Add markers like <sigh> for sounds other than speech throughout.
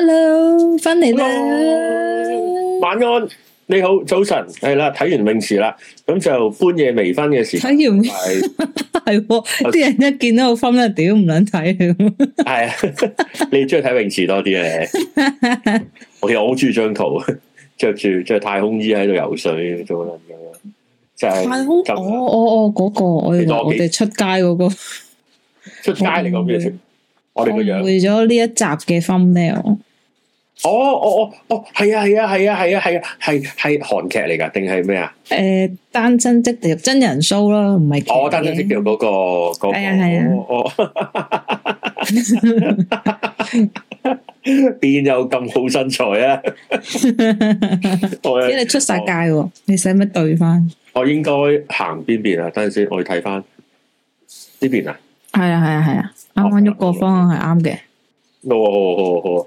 hello，翻嚟啦！Hello, 晚安，你好，早晨，係啦，睇完泳池啦，咁就半夜微醺嘅時睇完係，係 <laughs> 啲對、哦、 <laughs> 人一見到我分咧，屌唔捻睇，係 <laughs> 啊，你中意睇泳池多啲咧？ <laughs> 我其實我好中意張圖，着住着太空衣喺度游水，做乜嘢？就係、是、太空，哦哦哦，嗰、那個我哋出街嗰、那個，出街嚟講咩我哋個樣，背咗呢一集嘅 thumbnail。哦，我我哦，係啊，係啊，係啊，係啊，係啊，係係韓劇嚟㗎，定係咩啊？誒，單身即係真人 show 咯，唔係哦，單身嘅嗰個嗰個，哦，邊有咁好身材啊！即係你出晒界，你使乜對翻？我應該行邊邊啊？等陣先，我要睇翻呢邊啊！係啊，係啊，係啊，啱啱喐個方向係啱嘅。哦哦哦哦。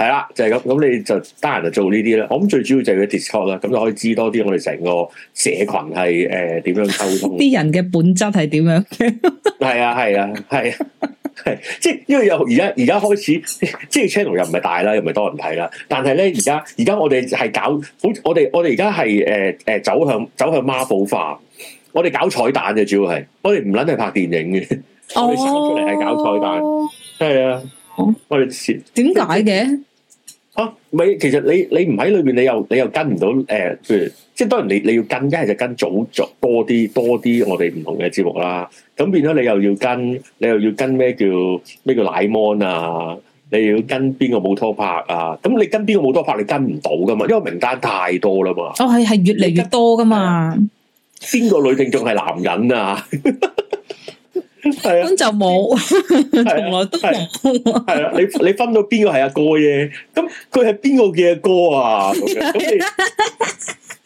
係啦，就係咁咁，咁你就得閒就做呢啲啦。我諗最主要就係嘅 Discord 啦，咁就可以知多啲我哋成個社群係誒點樣溝通的，啲人嘅本質係點樣的？係 <laughs> 啊係啊係係，即係、啊啊、因為而家而家開始，即係 channel 又唔係大啦，又唔係多人睇啦。但係咧而家而家我哋係搞好，我哋我哋而家係誒誒走向走向 Marvel 化，我哋搞彩蛋嘅主要係，我哋唔撚係拍電影嘅、哦，我哋生出嚟係搞彩蛋，係啊，哦、我哋點解嘅？為什麼咪、啊、其實你你唔喺裏邊，你又你又跟唔到誒，譬、呃、如即係當然你你要跟，一係就跟早做多啲多啲我哋唔同嘅節目啦。咁變咗你又要跟，你又要跟咩叫咩叫奶媽啊？你又要跟邊個冇拖拍啊？咁你跟邊個冇拖拍，你跟唔到噶嘛？因為名單太多啦嘛。哦係係越嚟越多噶嘛。邊個女性仲係男人啊？ <laughs> 咁、啊、就冇，從來、啊、都冇。係啦、啊，你、啊、 <laughs> 你分到邊個係阿哥嘅？咁佢係邊個嘅阿哥啊？咁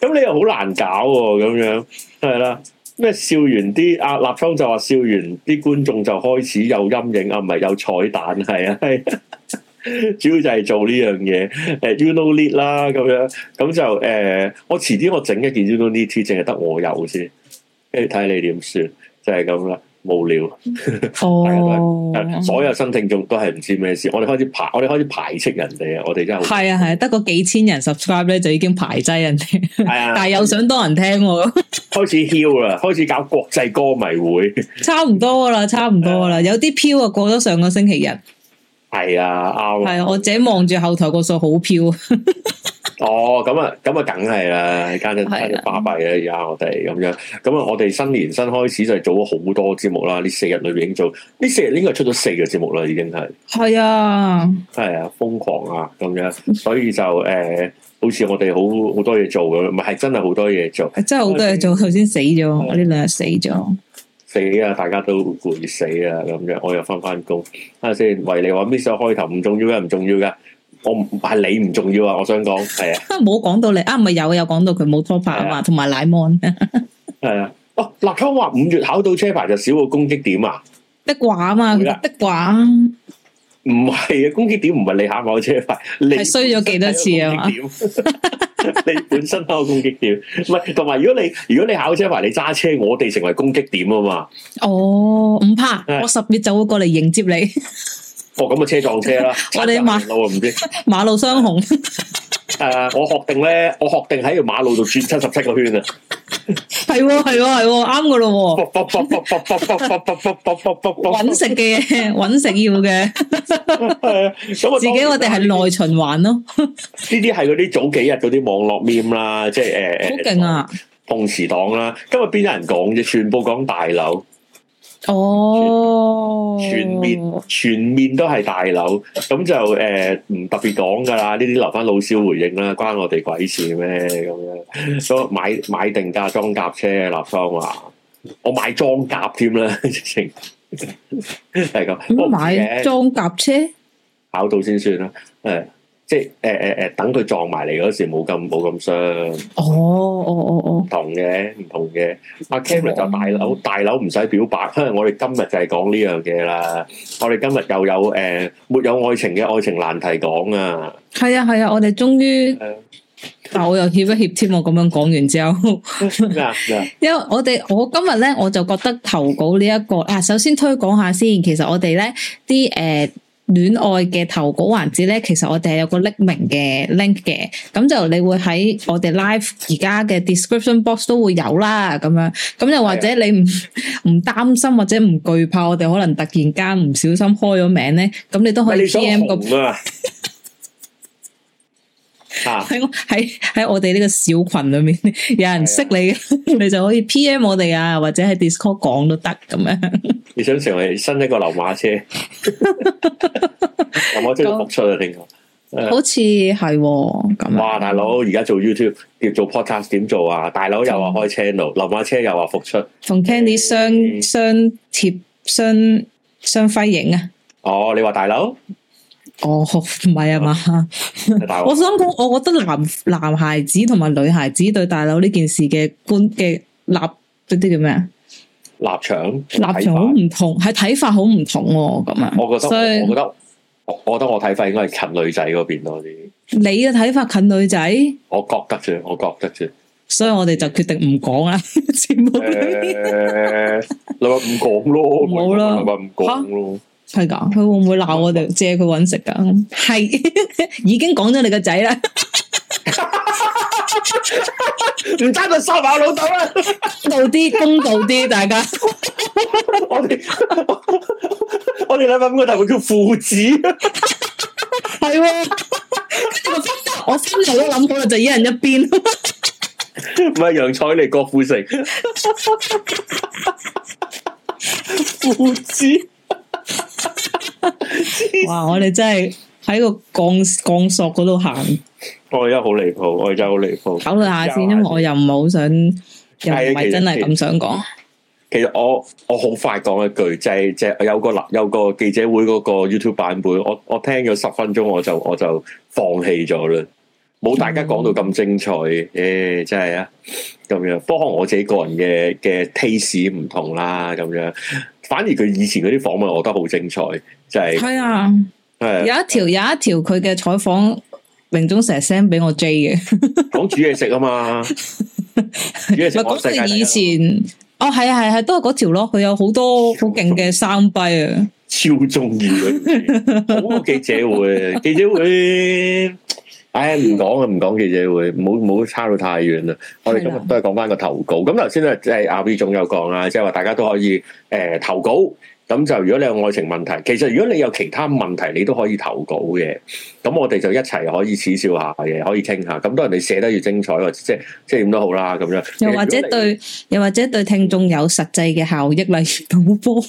咁你,你又好難搞咁、啊、樣，係啦、啊。咩笑完啲阿、啊、立倉就話笑完啲觀眾就開始有陰影啊，唔係有彩蛋係啊,啊,啊？主要就係做呢樣嘢誒，uno lead 啦咁樣，咁就誒、欸，我遲啲我整一件 uno you know lead，只淨係得我有先，跟住睇你點算，就係咁啦。無聊，哦， <laughs> 所有新聽眾都係唔知咩事，我哋開始排，我哋開始排斥人哋啊！我哋真係，係啊係啊，得個幾千人 subscribe 咧，就已經排擠人哋。係啊， <laughs> 但係又想多人聽，開始囂啦， <laughs> 開始搞國際歌迷會，差唔多啦，差唔多啦、啊，有啲飄啊，過咗上個星期日。係啊，out。係、哦、啊，我只望住後台個數好飄。 <laughs> 哦，咁啊，咁啊，梗係啦，家陣家陣巴閉啊，而家我哋咁樣，咁啊，我哋新年新開始就係做咗好多節目啦，呢四日裏邊已經做，呢四日應該出咗四個節目啦，已經係，係、哎、啊，係啊，瘋狂啊咁樣，所以就誒、呃，好似我哋好好多嘢做嘅，唔係真係好多嘢做，真係好多嘢做，頭先死咗，我呢兩日死咗，死啊，大家都攰死啊，咁樣，我又返返工，睇下先，VVN 話 miss 咗開頭，唔重要嘅，唔重要㗎。我唔係，你唔重要啊！我想講係啊，冇 <laughs> 講到你啊，咪有有講到佢冇拖拍啊嘛，同埋奶 mon 啊，係 <laughs> 啊，哦、啊，立佢話五月考到車牌就少個攻擊點啊，得啩啊嘛，得啩，唔係啊，攻擊點唔係你考我車牌，你衰咗幾多次啊？ <laughs> <laughs> 你本身慳攻擊點，唔係同埋如果你如果你考車牌你揸車，我哋成為攻擊點啊嘛，哦，唔怕，啊、我十月就會過嚟迎接你。 <laughs> 哦，咁啊，車撞車啦！ <laughs> 我哋馬唔知馬路雙雄。誒，我學定咧，我學定喺條馬路度轉七十七個圈啊！係， <laughs> <laughs> 係，係，啱噶咯。搵食嘅，搵食要嘅。係啊，咁啊，自己我哋係內循環咯。呢啲係啲早幾日嗰啲網絡 meme 啦，即係誒，好勁啊！碰瓷黨啦，今日邊有人講啫？全部講大樓。哦，全，全面全面都係大樓，咁就誒唔、呃、特別講噶啦，呢啲留翻老少回應啦，關我哋鬼事咩咁樣？都買買定架裝甲車立方話，我買裝甲添啦，直情係咁。我買裝甲車，我考到先算啦，誒、嗯。即係誒誒誒，等佢撞埋嚟嗰時冇咁冇咁傷。哦哦哦哦，唔同嘅，唔同嘅。阿 Cam 就大佬大佬唔使表白，因為我哋今日就係講呢樣嘢啦。我哋今日又有誒沒有愛情嘅愛情難題講啊。係啊係啊，我哋終於，但係我又怯一怯添，我咁樣講完之後，因為我哋我今日咧我就覺得投稿呢一個，啊首先推廣下先，其實我哋咧啲誒。戀愛嘅投稿環節咧，其實我哋係有個匿名嘅 link 嘅，咁就你會喺我哋 live 而家嘅 description box 都會有啦，咁樣，咁又或者你唔唔擔心或者唔懼怕我哋可能突然間唔小心開咗名咧，咁你都可以 pm 個。 <laughs> 喺喺喺我哋呢個小群裏面，有人識你， <laughs> 你就可以 P M 我哋啊，或者喺 Discord 講都得咁樣。你想成為新一個流馬車？流馬車復出啊！聽講、啊，好似係咁。哇，大佬而家做 YouTube，要做 Podcast 點做啊？大佬又話開 channel，、嗯、流馬車又話復出，同 Candy 相相貼相相輝映啊！哦，你話大佬？哦，唔係啊嘛， <laughs> <laughs> 我想講，我覺得男男孩子同埋女孩子對大佬呢件事嘅觀嘅立嗰啲叫咩啊？立場立場好唔同，係睇法好唔同咁啊，我覺得我覺得我覺得！我覺得我覺得我覺得我睇法應該係近女仔嗰邊多啲。你嘅睇法近女仔？我覺得啫，我覺得啫。所以我哋就決定唔講、呃、 <laughs> 啊！節目裏你話唔講咯，咪唔講咯。係噶，佢會唔會鬧我哋借佢揾食噶？係、嗯、已經講咗你個仔啦，唔爭就殺埋老豆啦，公道啲，公道啲，大家 <laughs> 我，我哋我哋兩份嘅頭會叫父子， <laughs> 係，跟住個分我心嚟都諗到啦，就一人一邊，唔係楊采妮郭富城 <laughs> 父子。 <laughs> 哇！我哋真係喺個鋼鋼索嗰度行，我而家好離譜，我而家好離譜。考慮下，下先，因為我又唔係好想，哎、又唔係真係咁想講。其實我我好快講一句，就係、是、即係、有個有個記者會嗰個 YouTube 版本，我我聽咗十分鐘，我就我就放棄咗啦。冇大家講到咁精彩，誒、嗯，yeah, 真係啊！咁樣，方我自己個人嘅嘅 taste 唔同啦，咁樣。反而佢以前嗰啲訪問，我覺得好精彩，就係、是、係啊，啊，有一條有一條佢嘅採訪，明總成日 send 俾我 J 嘅，講煮嘢食啊嘛，唔係講以前，哦係啊係係、啊啊，都係嗰條咯，佢有好多好勁嘅 soundbite 啊，超中意，好多記者會，記者會。唉，唔講啊，唔講記者會，唔好唔好差到太遠啦。我哋今日都係講翻個投稿。咁頭先咧，即係阿 B 仲有講啦，即係話大家都可以誒、欸、投稿。咁就如果你有愛情問題，其實如果你有其他問題，你都可以投稿嘅。咁我哋就一齊可以恥笑下嘅，可以傾下。咁當然你寫得越精彩，或即係即係點都好啦，咁樣。又或者對，又或者對聽眾有實際嘅效益，例如賭波。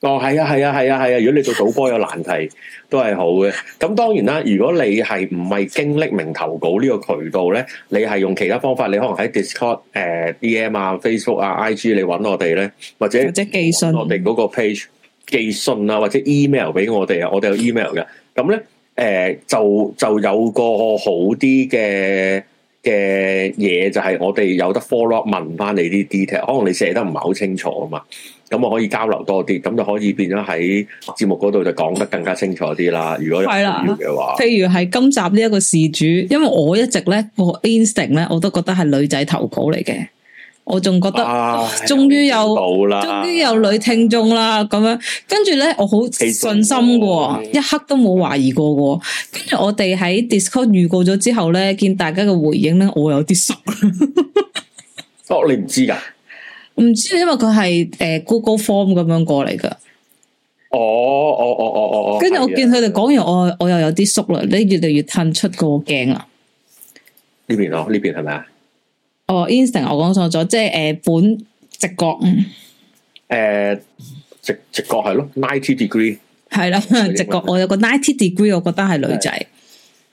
哦，係啊，係啊，係啊，係啊，係啊！如果你做賭波有難題， <laughs> 都係好嘅。咁當然啦，如果你係唔係經匿名投稿呢個渠道咧，你係用其他方法，你可能喺 Discord、呃、誒 DM 啊、Facebook 啊、IG 你揾我哋咧，或者或者寄信，我哋嗰個 page 寄信啊，或者 email 俾我哋啊，我哋有 email 嘅。咁咧，誒、呃、就就有個好啲嘅。嘅嘢就係我哋有得 follow up 問翻你啲 detail，可能你寫得唔係好清楚啊嘛，咁我可以交流多啲，咁就可以變咗喺節目嗰度就講得更加清楚啲啦。如果係啦嘅話，譬如係今集呢一個事主，因為我一直咧個 instinct 咧，我都覺得係女仔投稿嚟嘅。我仲覺得，終於有終於有女聽眾啦，咁樣跟住咧，我好信心嘅，一刻都冇懷疑過嘅。跟住我哋喺 Discord 預告咗之後咧，見大家嘅回應咧，我有啲縮 <laughs> 哦。哦，你唔知噶？唔知，因為佢係誒 Google Form 咁樣過嚟噶。哦哦哦哦哦！跟住我見佢哋講完我，我我又有啲縮啦。你越嚟越褪出個鏡啊！呢邊咯，呢邊係咪啊？哦、oh,，instant，我講錯咗，即係誒，本直覺，誒、uh,，直直覺係咯，ninety degree，係啦，直覺，degree, <laughs> 我有個 ninety degree，我覺得係女仔，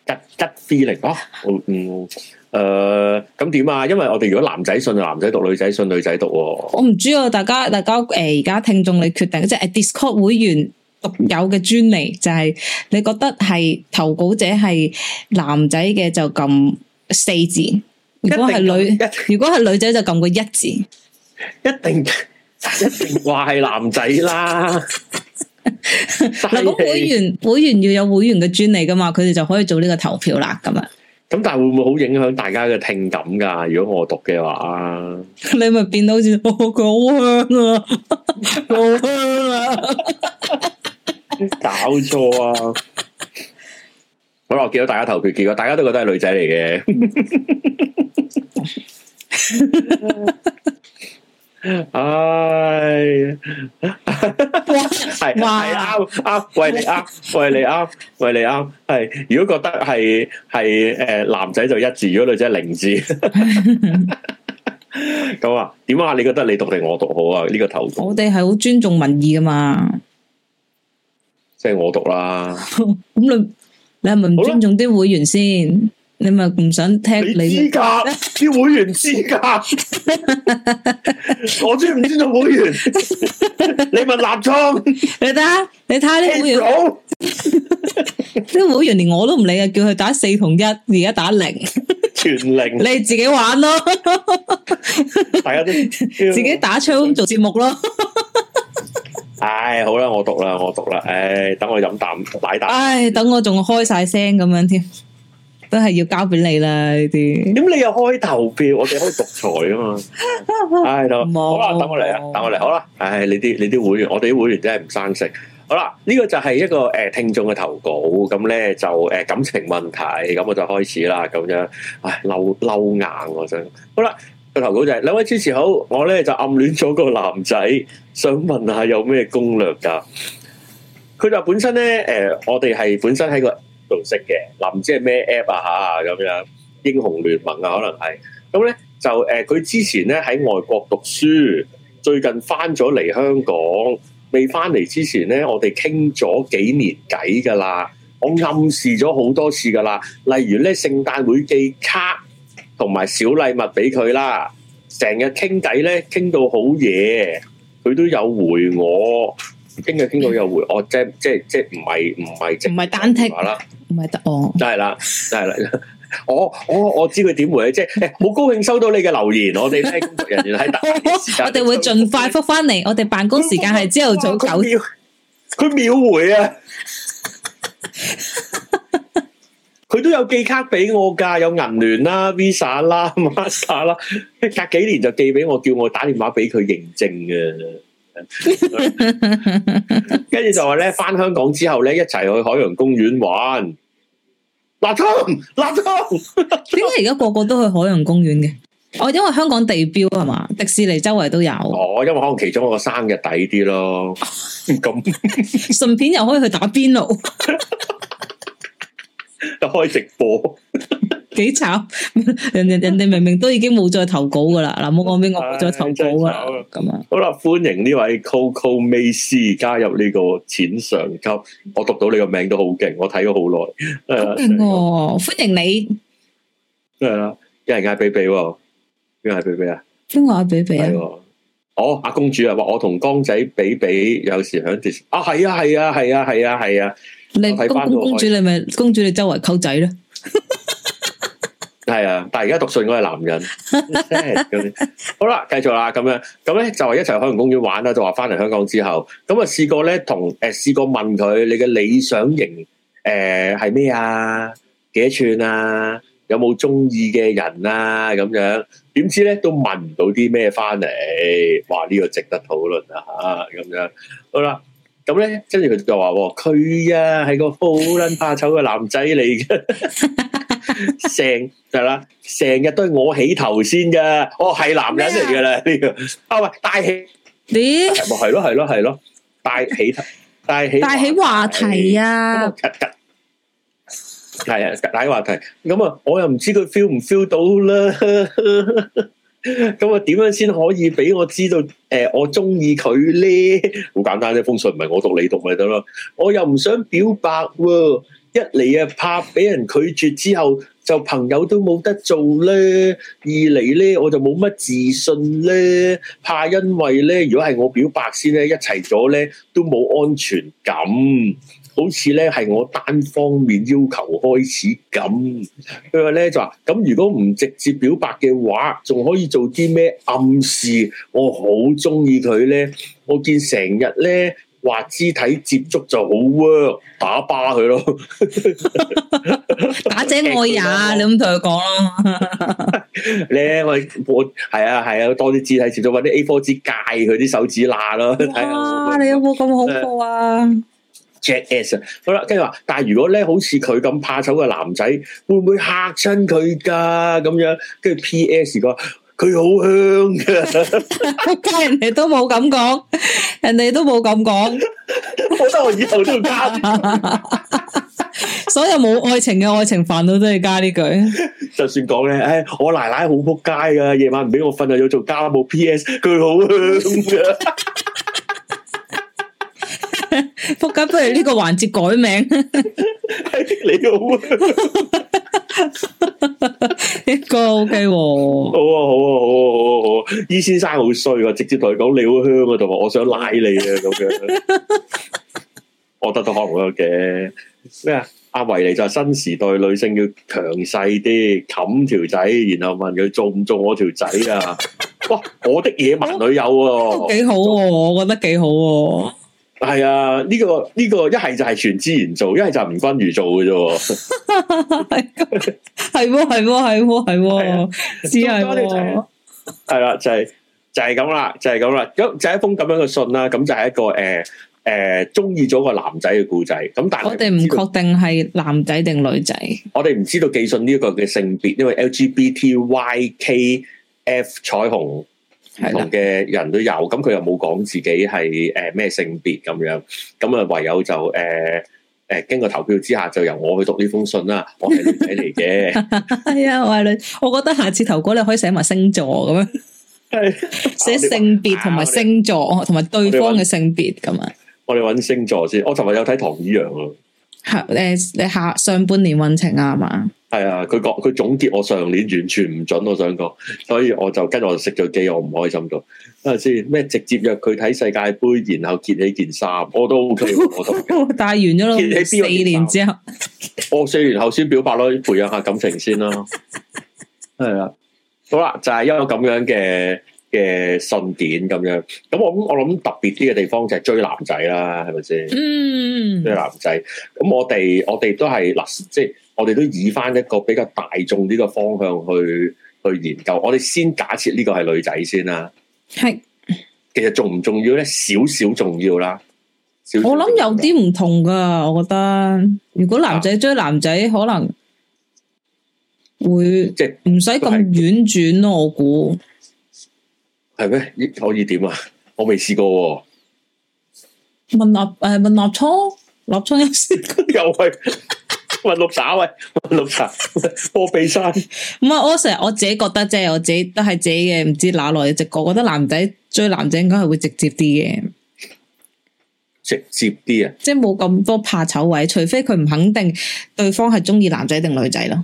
一一 V 零，哦，嗯，誒，咁點啊？因為我哋如果男仔信就男仔讀，女仔信女仔讀，我唔知啊，大家，大家，誒、呃，而家聽眾你決定，即、就、係、是 uh, Discord 會員獨有嘅專利，uh, 就係你覺得係投稿者係男仔嘅就撳四字。如果係女，如果係女仔就撳個一字，一定是一定話係男仔啦。嗱， <laughs> 咁會員會員要有會員嘅專利噶嘛，佢哋就可以做呢個投票啦。咁啊，咁但係會唔會好影響大家嘅聽感噶？如果我讀嘅話， <laughs> 你咪變到好似 <laughs> 我好香啊，好香啊， <laughs> <laughs> 搞錯啊！好，我話見到大家投票結果，大家都覺得係女仔嚟嘅。係係啱啱，喂、哎、你啱喂你啱喂你啱。係如果覺得係係誒男仔就一字，如果女仔零字。咁啊？點啊？你覺得你讀定我讀好啊？呢、這個投票我哋係好尊重民意㗎嘛。即係我讀啦。咁 <laughs> 你？你係咪唔尊重啲會員先？你咪唔想聽你資格？招會員資格？ <laughs> <laughs> 我尊唔尊重會員。 <laughs> <laughs> 你咪立倉？你得？你睇下啲會員啲、hey, <laughs> <laughs> 會員連我都唔理啊！叫佢打四同一，而家打零 <laughs> ，全零靈笑。你自己玩咯，大家都自己打槍做節目咯。 <laughs> 唉，好啦，我讀啦，我讀啦，唉，等我飲啖奶啖。唉，等我仲開晒聲咁樣添，都係要交俾你啦呢啲。咁你又可以投票，我哋可以獨裁噶嘛？係 <laughs> 咯，好啦，等我嚟啊，等我嚟，好啦，唉，你啲你啲會員，我哋啲會員真係唔生性。好啦，呢、這個就係一個誒、呃、聽眾嘅投稿，咁咧就誒、呃、感情問題，咁我就開始啦，咁樣，唉，嬲嬲硬我想，好啦。個投稿就係，兩位主持好，我咧就暗戀咗個男仔，想問下有咩攻略噶？佢就本身咧，誒、呃，我哋係本身喺個度識嘅，嗱、啊、唔知係咩 app 啊吓咁樣，英雄聯盟啊可能係咁咧就誒，佢、呃、之前咧喺外國讀書，最近翻咗嚟香港，未翻嚟之前咧，我哋傾咗幾年偈噶啦，我暗示咗好多次噶啦，例如咧聖誕會寄卡。同埋小禮物俾佢啦，成日傾偈咧，傾到好夜，佢都有回我，傾嘅傾到有回我即即即即單得我，我即係即係即係唔係唔係即唔係單剔啦，唔係得哦，真係啦真係啦，我我我知佢點回，即係誒好高興收到你嘅留言， <laughs> 我哋咧工作人員喺 <laughs> 我哋會盡快覆翻嚟。我哋辦公時間係朝頭早九，佢、 <laughs> 啊、秒，秒回啊！ <laughs> 佢都有寄卡俾我噶，有銀聯啦、Visa 啦、Master 啦，隔幾年就寄俾我，叫我打電話俾佢認證嘅。跟 <laughs> 住就話咧，翻香港之後咧，一齊去海洋公園玩。Natsum Natsum，點解而家個個都去海洋公園嘅？哦，因為香港地標係嘛，迪士尼周圍都有。哦，因為可能其中一個生日抵啲咯。咁，順 <laughs> 便又可以去打邊爐。 <laughs> 開直播幾 <laughs> 慘，人人人哋明明都已經冇再投稿噶啦，嗱冇講俾我冇再投稿啦，咁、哎、啊好啦，歡迎呢位 Coco Macy 加入呢個淺上級，我讀到你個名都好勁，我睇咗好耐，好勁、啊啊哦、歡迎你，即係啦，一人嗌比比，邊個係比比啊？邊個嗌比比啊？哦，阿公主啊，話我同江仔比比有時響電視，啊係啊係啊係啊係啊係啊。你公公主，你咪公主，你周圍溝仔咧？係 <laughs> 啊，但係而家讀信我係男人。 <laughs> <laughs> 好啦，繼續啦，咁樣咁咧就係一齊去海洋公園玩啦。就話翻嚟香港之後，咁啊試過咧同誒試過問佢你嘅理想型誒係咩啊？幾多寸啊？有冇中意嘅人啊？咁樣點知咧都問唔到啲咩翻嚟？哇！呢個值得討論啊！吓咁樣好啦。咁咧，跟住佢就話：佢、哦、啊，係個好卵怕醜嘅男仔嚟嘅，成係啦，成 <laughs> 日都係我起頭先噶。哦，係男人嚟噶啦呢個。哦喂、啊，帶起你，係咯係咯係咯，帶起帶起帶起話題啊。係啊，帶起話題。咁、嗯、啊，我又唔知佢 feel 唔 feel 到啦。呵呵咁啊，點樣先可以俾我知道？誒、呃，我中意佢咧，好簡單啫，封信唔係我讀你讀咪得咯。我又唔想表白喎，一嚟啊怕俾人拒絕之後就朋友都冇得做咧；二嚟咧我就冇乜自信咧，怕因為咧如果係我表白先咧，一齊咗咧都冇安全感。好似咧係我單方面要求開始咁，佢話咧就話咁如果唔直接表白嘅話，仲可以做啲咩暗示？我好中意佢咧，我見成日咧話肢體接觸就好 work，打巴佢咯 <laughs> ，打 <laughs> 姐我也， <laughs> 你咁同佢講咯。咧我我係啊係啊，多啲肢體接觸，搵啲 A 4紙界佢啲手指罅咯。哇！ <laughs> 你有冇咁恐怖啊？ <laughs> Jack 啊，好啦，跟住話，但係如果咧，好似佢咁怕醜嘅男仔，會唔會嚇親佢噶？咁樣，跟住 P S 個佢好香㗎，加 <laughs> 人哋都冇咁講，人哋都冇咁講， <laughs> 我覺得我以後都要加。 <laughs> <laughs> 所有冇愛情嘅愛情煩惱都要加呢句。 <laughs> 就算講咧，誒、哎，我奶奶好仆街噶，夜晚唔俾我瞓啊，要做家務，布。P S，佢好香㗎。仆家不如呢個環節改名，你好啊？ <laughs> <laughs> <laughs> 一個 O K，好啊，好啊，好啊好、啊、好好、啊，依先生好衰啊，直接同佢講你好香啊，同埋我想拉你啊咁樣， <laughs> 我得到可能嘅咩啊？阿、啊、維尼就係新時代女性要強勢啲冚條仔，然後問佢做唔做我條仔啊？哇！我的野蠻女友啊，幾好，好，我覺得幾好。係啊，呢、這個呢、這個一係就係全資源做，一係就吳君如做嘅啫。係係係係係，係咗條係啦，就係就係咁啦，就係咁啦。咁就係、是就是就是、一封咁樣嘅信啦。咁就係、是、一個誒誒中意咗個男仔嘅故仔。咁但係我哋唔確定係男仔定女仔。我哋唔知道寄信呢一個嘅性別，因為 LGBTYKF 彩虹。唔同嘅人都有，咁佢又冇講自己係誒咩性別咁樣，咁啊唯有就誒誒、呃呃、經過投票之下，就由我去讀呢封信啦。我係女仔嚟嘅，係 <laughs> 啊、哎，我係女。我覺得下次投稿你可以寫埋星座咁樣，寫性別同埋星座，同、哎、埋對方嘅性別咁啊。我哋揾星座先，我尋日有睇唐綺陽啊。誒，你下上半年運程啊嘛？係啊，佢講佢總結我上年完全唔準，我想講，所以我就跟住我食咗機會，我唔開心到。睇下先，咩直接約佢睇世界杯，然後揭起件衫，我都 OK，我都嘅。 <laughs> 完咗咯，四年之後，然後 <laughs> 我四年後先表白咯，培養下感情先咯。係 <laughs> 啊，好啦，就係、是、因為咁樣嘅。嘅信件咁樣，咁我諗我諗特別啲嘅地方就係追男仔啦，係咪先？嗯，追男仔，咁我哋我哋都係嗱，即係我哋都以翻一個比較大眾啲嘅方向去去研究。我哋先假設呢個係女仔先啦，係，其實重唔重要咧？少少重要啦，我諗有啲唔同噶，我覺得如果男仔追男仔，啊，可能會即唔使咁婉轉咯，我估。係咩？可以點啊？我未試過、哦問呃。問立誒， <laughs> <laughs> 問立葱，立初有試過，又係問六打位，問六打位，我避晒 <laughs> 唔係我成日我自己覺得啫，我自己都係自己嘅，唔知哪來嘅直覺。我覺得男仔追男仔應該係會直接啲嘅，直接啲啊！即係冇咁多怕醜位，除非佢唔肯定對方係中意男仔定女仔咯。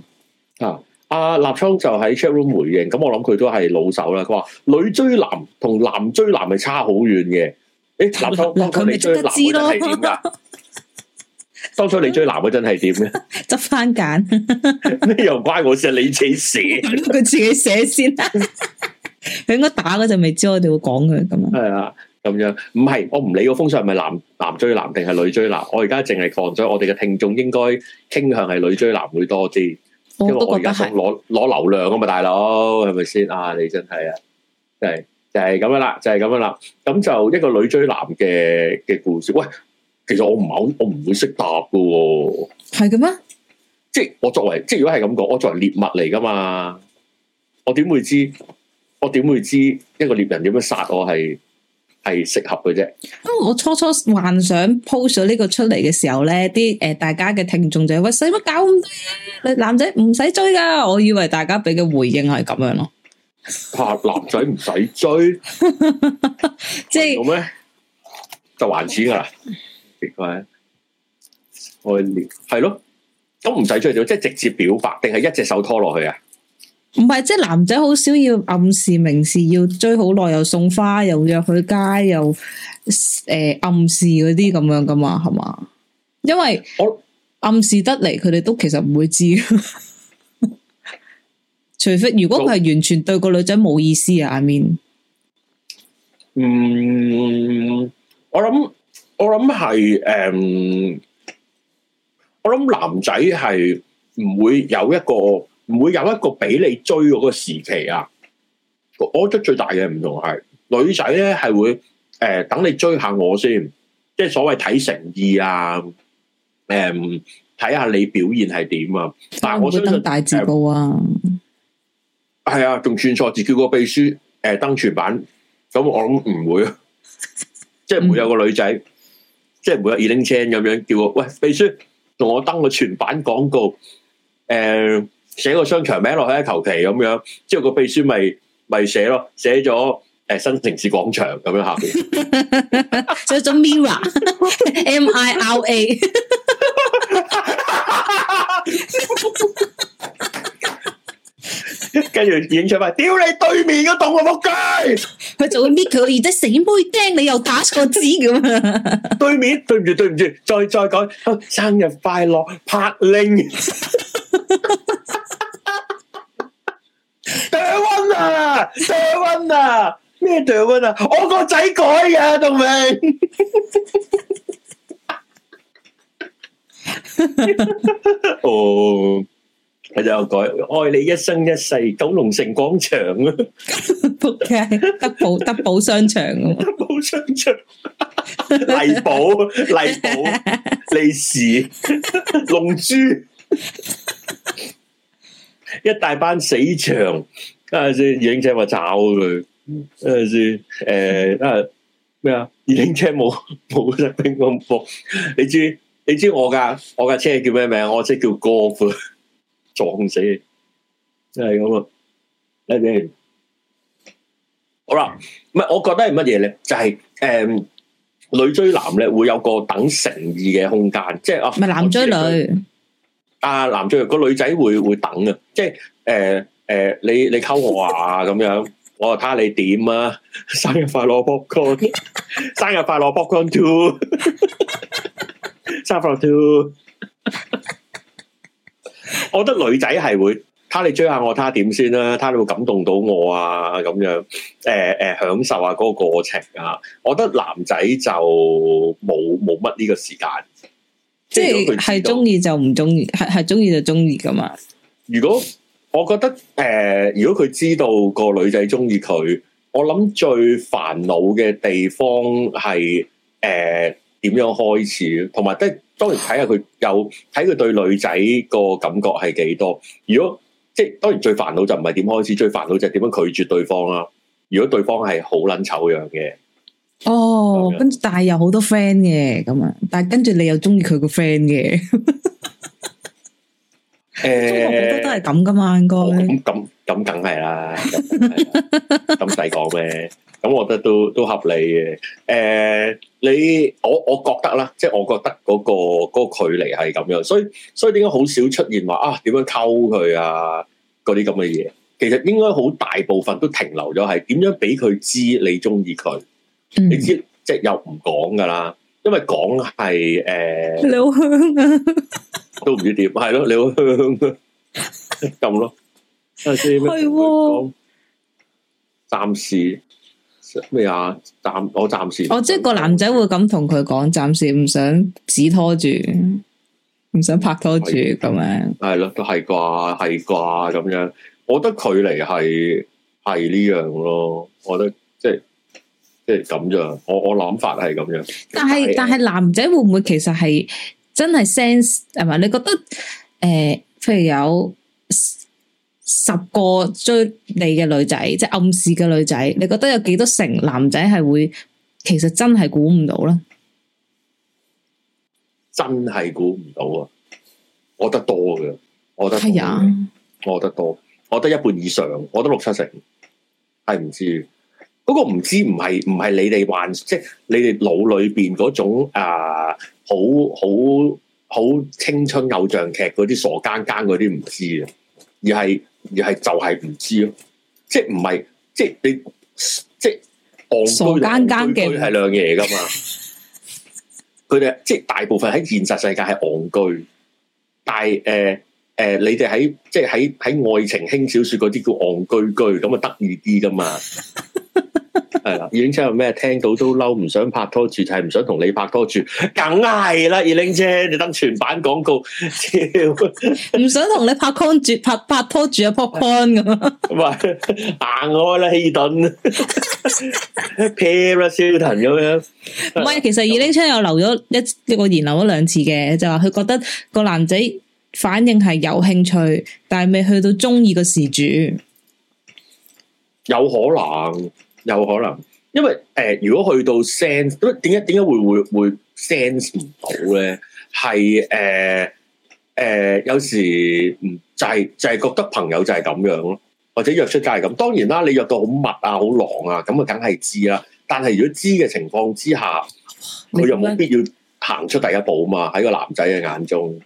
啊！阿立昌就喺 chatroom 回應，咁我諗佢都係老手啦。佢話女追男同男追男係差好遠嘅。誒、欸，立昌，佢咪即刻知囉？當初你追男嗰陣係點嘅？執番揀咩？又 <laughs> 關我事？你 <laughs> 自己寫、啊，佢自己寫先啦。佢應該打嗰陣未知，我哋會講佢咁啊。係啊，咁樣唔係我唔理個風向係咪男男追男定係女追男，我而家淨係講咗，我哋嘅聽眾應該傾向係女追男會多啲。因為我而家想攞攞流量啊嘛，大佬係咪先啊？你真係啊，真係就係咁樣啦，就係、是、咁、就是、樣啦。咁、就是、就一個女追男嘅嘅故事。喂，其實我唔係好，我唔會識答噶、啊。係嘅咩？即係我作為，即係如果係咁講，我作為獵物嚟噶嘛，我點會知？我點會知一個獵人點樣殺我係？係適合嘅啫。咁我初初幻想 post 咗呢個出嚟嘅時候咧，啲誒大家嘅聽眾就話，使乜搞咁多嘢？男仔唔使追噶我以為大家俾嘅回應係咁樣咯。吓、啊，男仔唔使追，即係有咩？就還錢噶啦，奇 <laughs> 怪，愛戀係咯，都唔使追就即、是、係直接表白，定係一隻手拖落去啊？唔係，即係男仔好少要暗示明示，要追好耐又送花，又約去街，又誒暗示嗰啲咁樣噶嘛，係嘛？因為我暗示得嚟，佢哋都其實唔會知。除非如果佢係完全對個女仔冇意思啊，I mean，嗯，我諗我諗係誒，我諗男仔係唔會有一個。唔會有一個俾你追嗰個時期啊！我覺得最大嘅唔同係女仔咧係會誒、欸、等你追下我先，即係所謂睇誠意啊，誒睇下你表現係點啊！但我相信都登大字報啊，係、嗯、啊，仲算錯字叫個秘書誒、欸、登全版，咁我諗唔會啊，即係唔會有個女仔、嗯，即係唔會有 Eling Chan 咁樣叫我喂秘書同我登個全版廣告誒。欸寫個商場名落喺頭皮咁樣，之後個秘書咪咪寫咯，寫咗誒新城市廣場咁樣，下面寫咗 Mira M I R A，跟住影出翻， <laughs> 屌你對面嗰動物仆街，佢就會搣佢，而且死妹釘你又打錯字咁，對面對唔住對唔住，再再講生日快樂，拍領。 <laughs> 降溫啊，降溫啊，咩降溫啊？我個仔改嘅，同唔同？哦，佢就改愛你一生一世，九龍城廣場啊，扑街，德寶德寶商場啊，德寶商場，麗寶麗寶利時龍珠。一大班死場，啱先，二車話炒佢，啱先，誒，啊，咩啊？二車冇冇冰平安服，你知你知我噶，我架車叫咩名？我車叫 Golf，撞死你，真係咁啊！一好啦，唔係，我覺得係乜嘢咧？就係、是、誒、呃，女追男咧會有個等誠意嘅空間，即係啊，唔係男追女。阿、啊、男追、那個女仔會會等即、呃呃、你你我啊，即係誒誒，你你溝我啊咁樣，我又睇下你點啊，生日快樂波 con， <laughs> 生日快樂波 con two， <laughs> 生日 two，快 <laughs> 我覺得女仔係會睇你追下我睇下點先啦，睇你、啊、你會感動到我啊咁樣，誒、呃、誒、呃、享受下嗰個過程啊，我覺得男仔就冇冇乜呢個時間。即係中意就唔中意，係係中意就中意㗎嘛？如果我覺得誒、呃，如果佢知道個女仔中意佢，我諗最煩惱嘅地方係誒點樣開始，同埋即係當然睇下佢有睇佢對女仔個感覺係幾多。如果即係當然最煩惱就唔係點開始，最煩惱就係點樣拒絕對方啦。如果對方係好撚醜樣嘅。哦，跟住但係有好多 friend 嘅咁啊，但係跟住你又中意佢個 friend 嘅，中國好多都係咁噶嘛，欸、應該咁咁咁梗係啦，咁使講咩？咁 <laughs> 我覺得都都合理嘅。誒、欸，你我我覺得啦，即係我覺得嗰、嗰個、嗰個距離係咁樣的，所以所以點解好少出現話啊？點樣溝佢啊？嗰啲咁嘅嘢，其實應該好大部分都停留咗係點樣俾佢知你中意佢。你知即係又唔講噶啦，因為講係誒，老、呃、鄉啊， <laughs> 啊，都唔知點係咯，老鄉撳咯，係暫時咩啊？暫我暫時說，哦，即係個男仔會咁同佢講，暫時唔想指拖住，唔想拍拖住咁樣。係咯，係啩，係啩咁樣。我覺得距離係係呢樣咯，我覺得即係。即係咁啫，我我諗法係咁樣。但係但係男仔會唔會其實係真係 sense 係咪？你覺得誒、呃，譬如有十個追你嘅女仔，即係暗示嘅女仔，你覺得有幾多成男仔係會其實真係估唔到咧？真係估唔到啊！我得多嘅，我得係啊，我得多，我得一半以上，我得六七成，係唔知。嗰個唔知唔係唔係你哋幻，即係你哋腦裏邊嗰種啊，好好好青春偶像劇嗰啲傻更更嗰啲唔知啊，而係而係就係唔知咯，即係唔係即係你即係戇居傻居居係兩嘢噶嘛，佢哋 <laughs> 即係大部分喺現實世界係戇居，但係誒誒，你哋喺即係喺喺愛情輕小說嗰啲叫戇居居咁啊，得意啲噶嘛。係 <laughs> 啦，二 l 姐有咩聽到都嬲，唔想拍拖住，就係唔想同你拍拖住，梗係啦，二 l 姐你登全版廣告，唔 <laughs> 想同你拍 con 住，拍拍拖住啊，pop con 咁。唔係行開啦，希頓 p 咁樣。唔 <laughs> 係，其實二 l 又留咗一一個言留咗兩次嘅，就話佢覺得個男仔反應係有興趣，但係未去到中意個事主。有可能。有可能，因為誒、呃，如果去到 sense 咁點解點解會會會 sense 唔到咧？係誒誒，有時唔就係、是、就係、是、覺得朋友就係咁樣咯，或者約出街係咁。當然啦，你約到好密啊，好狼啊，咁啊，梗係知啦。但係如果知嘅情況之下，佢又冇必要行出第一步嘛。喺個男仔嘅眼中，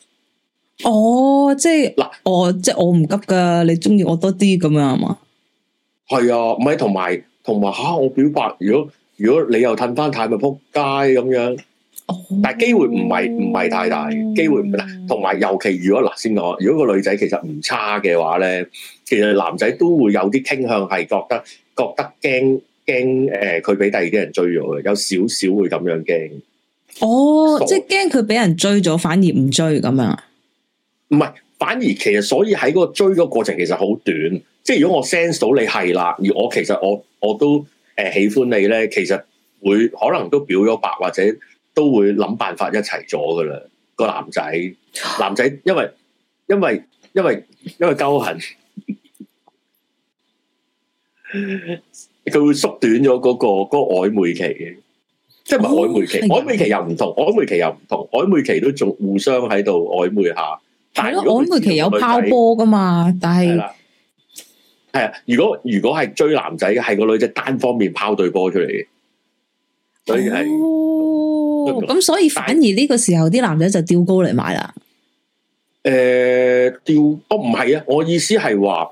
哦，即係嗱，哦、即我即係我唔急噶，你中意我多啲咁樣係嘛？係啊，唔係同埋。同埋嚇，我表白，如果如果你又褪翻太咪撲街咁樣。但係機會唔係唔係太大，機會唔大，同埋尤其如果嗱先講，如果個女仔其實唔差嘅話咧，其實男仔都會有啲傾向係覺得覺得驚驚誒，佢俾第二啲人追咗，有少少會咁樣驚。哦、oh，即係驚佢俾人追咗，反而唔追咁樣。唔係，反而其實所以喺嗰個追嗰過程，其實好短。即係如果我 sense 到你係啦，而我其實我我都誒、呃、喜歡你咧，其實會可能都表咗白或者都會諗辦法一齊咗噶啦。個男仔男仔因為因為因為因為鳩痕，佢 <laughs> 會縮短咗嗰、那個嗰、那個曖昧期嘅，即係唔係曖昧期？曖昧期、哦、曖昧期又唔同，曖昧期又唔同，曖昧期都仲互相喺度曖昧下。係咯，曖昧期有拋波噶嘛？但係。是係啊，如果如果係追男仔嘅，係個女仔單方面拋對波出嚟嘅，所以係，咁、哦嗯、所以反而呢個時候啲男仔就吊高嚟買啦。誒、呃，吊？哦唔係啊，我意思係話，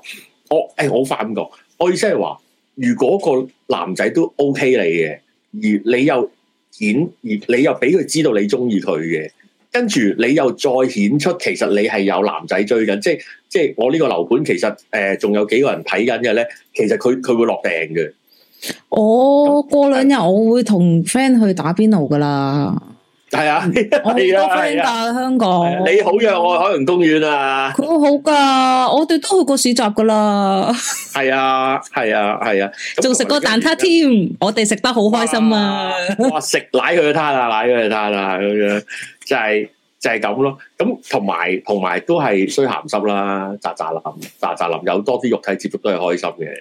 我誒、哎，我發覺，我意思係話，如果個男仔都 OK 你嘅，而你又顯，而你又俾佢知道你中意佢嘅。跟住你又再顯出，其實你係有男仔追緊，即係即係我呢個樓盤，其實誒仲、呃、有幾個人睇緊嘅咧，其實佢佢會落訂嘅。我過兩日我會同 friend 去打邊爐㗎喇。嗯係啊， <laughs> 啊，我哋都返香港。啊、你好，約我海洋公園啊？好好噶，我哋都去過市集噶啦。係 <laughs> 啊，係啊，係啊，仲食過蛋撻添。我哋食得好開心啊！ <laughs> 啊哇，食奶佢嘅攤啊，佢嘅攤啊，咁、就係、樣就係就係咁咯。咁同埋同埋都係衰鹹濕啦，渣渣林渣渣林，有多啲肉體接觸都係開心嘅。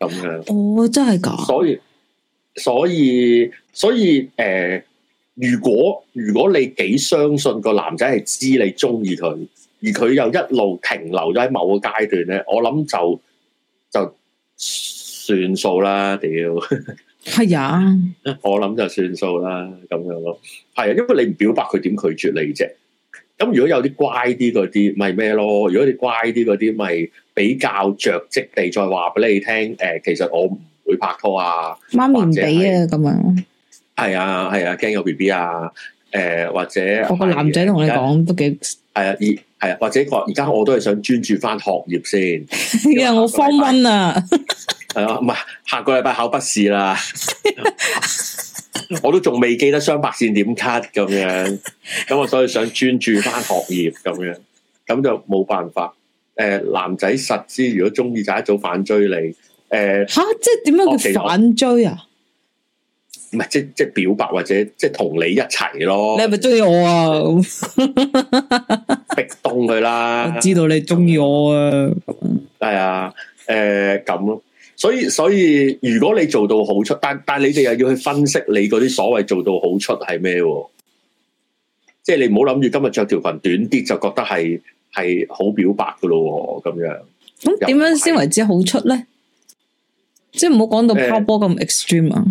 咁樣，哦，真係噶。所以所以所以誒。呃如果如果你幾相信個男仔係知你中意佢，而佢又一路停留咗喺某個階段咧，我諗就就算數啦。屌，係啊，我諗就算數啦，咁樣咯，係啊，因為你唔表白佢點拒絕你啫？咁如果有啲乖啲嗰啲，咪咩咯？如果你乖啲嗰啲，咪比較着跡地再話俾你聽，誒，其實我唔會拍拖啊，媽咪唔俾啊，咁樣。係啊係啊，驚有 B B 啊，誒、啊呃、或者我個男仔同你講都幾係啊而係啊，或者而家我都係想專注翻學業先。係 <laughs> <laughs> 禮 <laughs> 啊，我慌蚊啊。係啊，唔係下個禮拜考筆試啦。 <laughs> <laughs> 我都仲未記得雙白線點 cut 咁樣，咁 <laughs> 我所以想專注翻學業咁樣，咁就冇辦法。誒、呃，男仔實施如果中意就一早反追你。誒、呃，吓， <laughs> 即係點樣叫反追啊？唔係即係即係表白，或者即係同你一齊咯。你係咪中意我啊？逼凍佢啦！我知道你中意我啊！係、嗯、啊，誒咁咯。所以所以，如果你做到好出，但但你哋又要去分析你嗰啲所謂做到好出係咩、啊？即係你唔好諗住今日着條裙短啲就覺得係係好表白噶咯咁樣。咁、嗯、點樣先為之好出咧？即係唔好講到拋波咁 extreme、呃。啊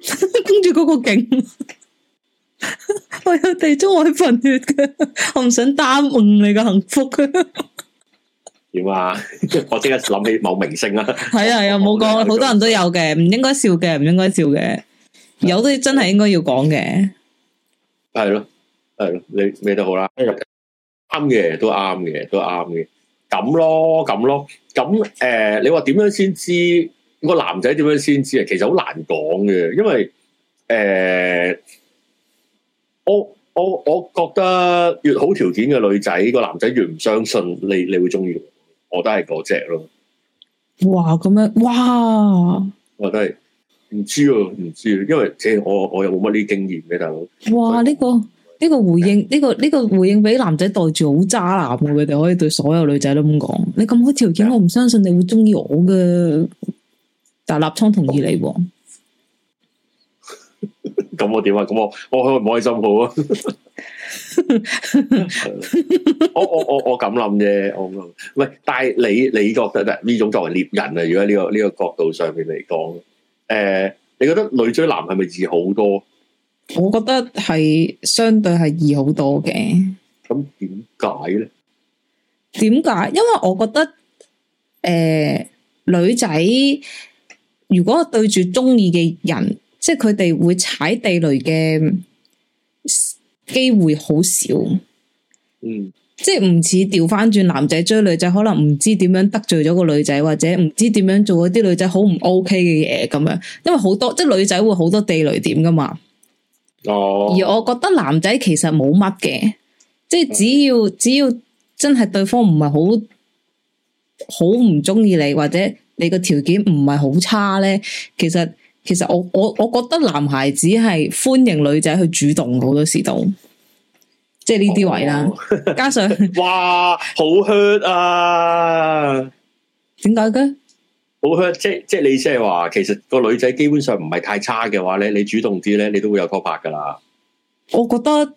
跟住嗰個勁， <laughs> 我有地中海貧血嘅，， <laughs> 我唔想耽誤你嘅幸福嘅。點啊？ <laughs> 我即刻諗起某明星啦。 <laughs> 係啊係啊，冇講，好多人都有嘅，唔應該笑嘅，唔應該笑嘅。有啲真係應該要講嘅。係 <laughs> 咯，係咯，你咩都好啦，啱嘅都啱嘅，都啱嘅。咁咯，咁咯，咁誒、呃，你話點樣先知？個男仔點樣先知啊？其實好難講嘅，因為誒、欸，我我我覺得越好條件嘅女仔，個男仔越唔相信你，你會中意我，我都係嗰隻咯。哇，咁樣哇！我都係唔知啊，唔知，因為即係我我又冇乜啲經驗嘅大佬。哇！呢個呢個回應，呢個呢個回應俾男仔袋住好渣男嘅，佢哋可以對所有女仔都咁講。你咁好條件，我唔相信你會中意我嘅。但立聰同意你喎，咁我點啊？咁我我開唔開心好啊？ <laughs> <laughs> 我我我我咁諗啫，我唔係。但係你你覺得咧？呢種作為獵人啊，如果喺呢個呢個角度上面嚟講，誒、呃，你覺得女追男係咪易好多？我覺得係相對係易好多嘅。咁點解咧？點解？因為我覺得誒、呃、女仔。如果我對住中意嘅人，即係佢哋會踩地雷嘅機會好少，嗯，即係唔似掉返轉男仔追女仔，可能唔知點樣得罪咗個女仔，或者唔知點樣做嗰啲女仔好唔 OK 嘅嘢咁樣，因為好多即係、就是、女仔會好多地雷點㗎嘛，哦、oh.，而我覺得男仔其實冇乜嘅，即、就、係、是、只要只要真係對方唔係好。好唔中意你，或者你個條件唔係好差咧，其實其實我我我覺得男孩子係歡迎女仔去主動好多時到，即係呢啲位啦。Oh. 加上 <laughs> 哇，好 hurt 啊！點解嘅？好 hurt 即即係你即係話，其實個女仔基本上唔係太差嘅話咧，你主動啲咧，你都會有拖拍噶啦。我覺得。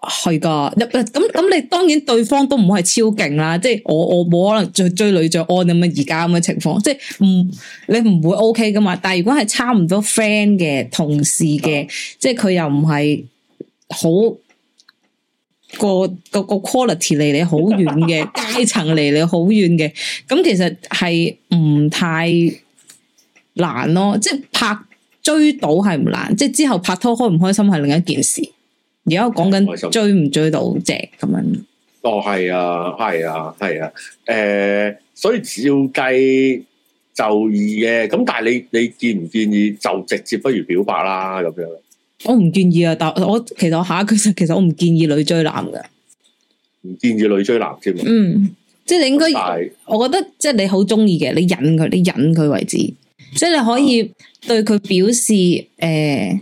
係噶咁咁，你當然對方都唔會係超勁啦。即係我我冇可能再追，追女追安咁樣而家咁嘅情況，即係唔你唔會 OK 噶嘛。但係如果係差唔多 friend 嘅同事嘅，即係佢又唔係好個個個 quality 離你好遠嘅階層，離你好遠嘅，咁 <laughs> 其實係唔太難咯。即係拍追到係唔難，即係之後拍拖開唔開心係另一件事。而家講緊追唔追到只咁樣，哦係啊係啊係啊，誒所以照計就易嘅，咁但係你你建唔建議就直接不如表白啦咁樣？我唔建議啊，但我其實我下一句就其實我唔建議女追男㗎，唔建議女追男添。嗯，即係你應該，我覺得即係你好中意嘅，你忍佢，你忍佢為止，即係你可以對佢表示誒。欸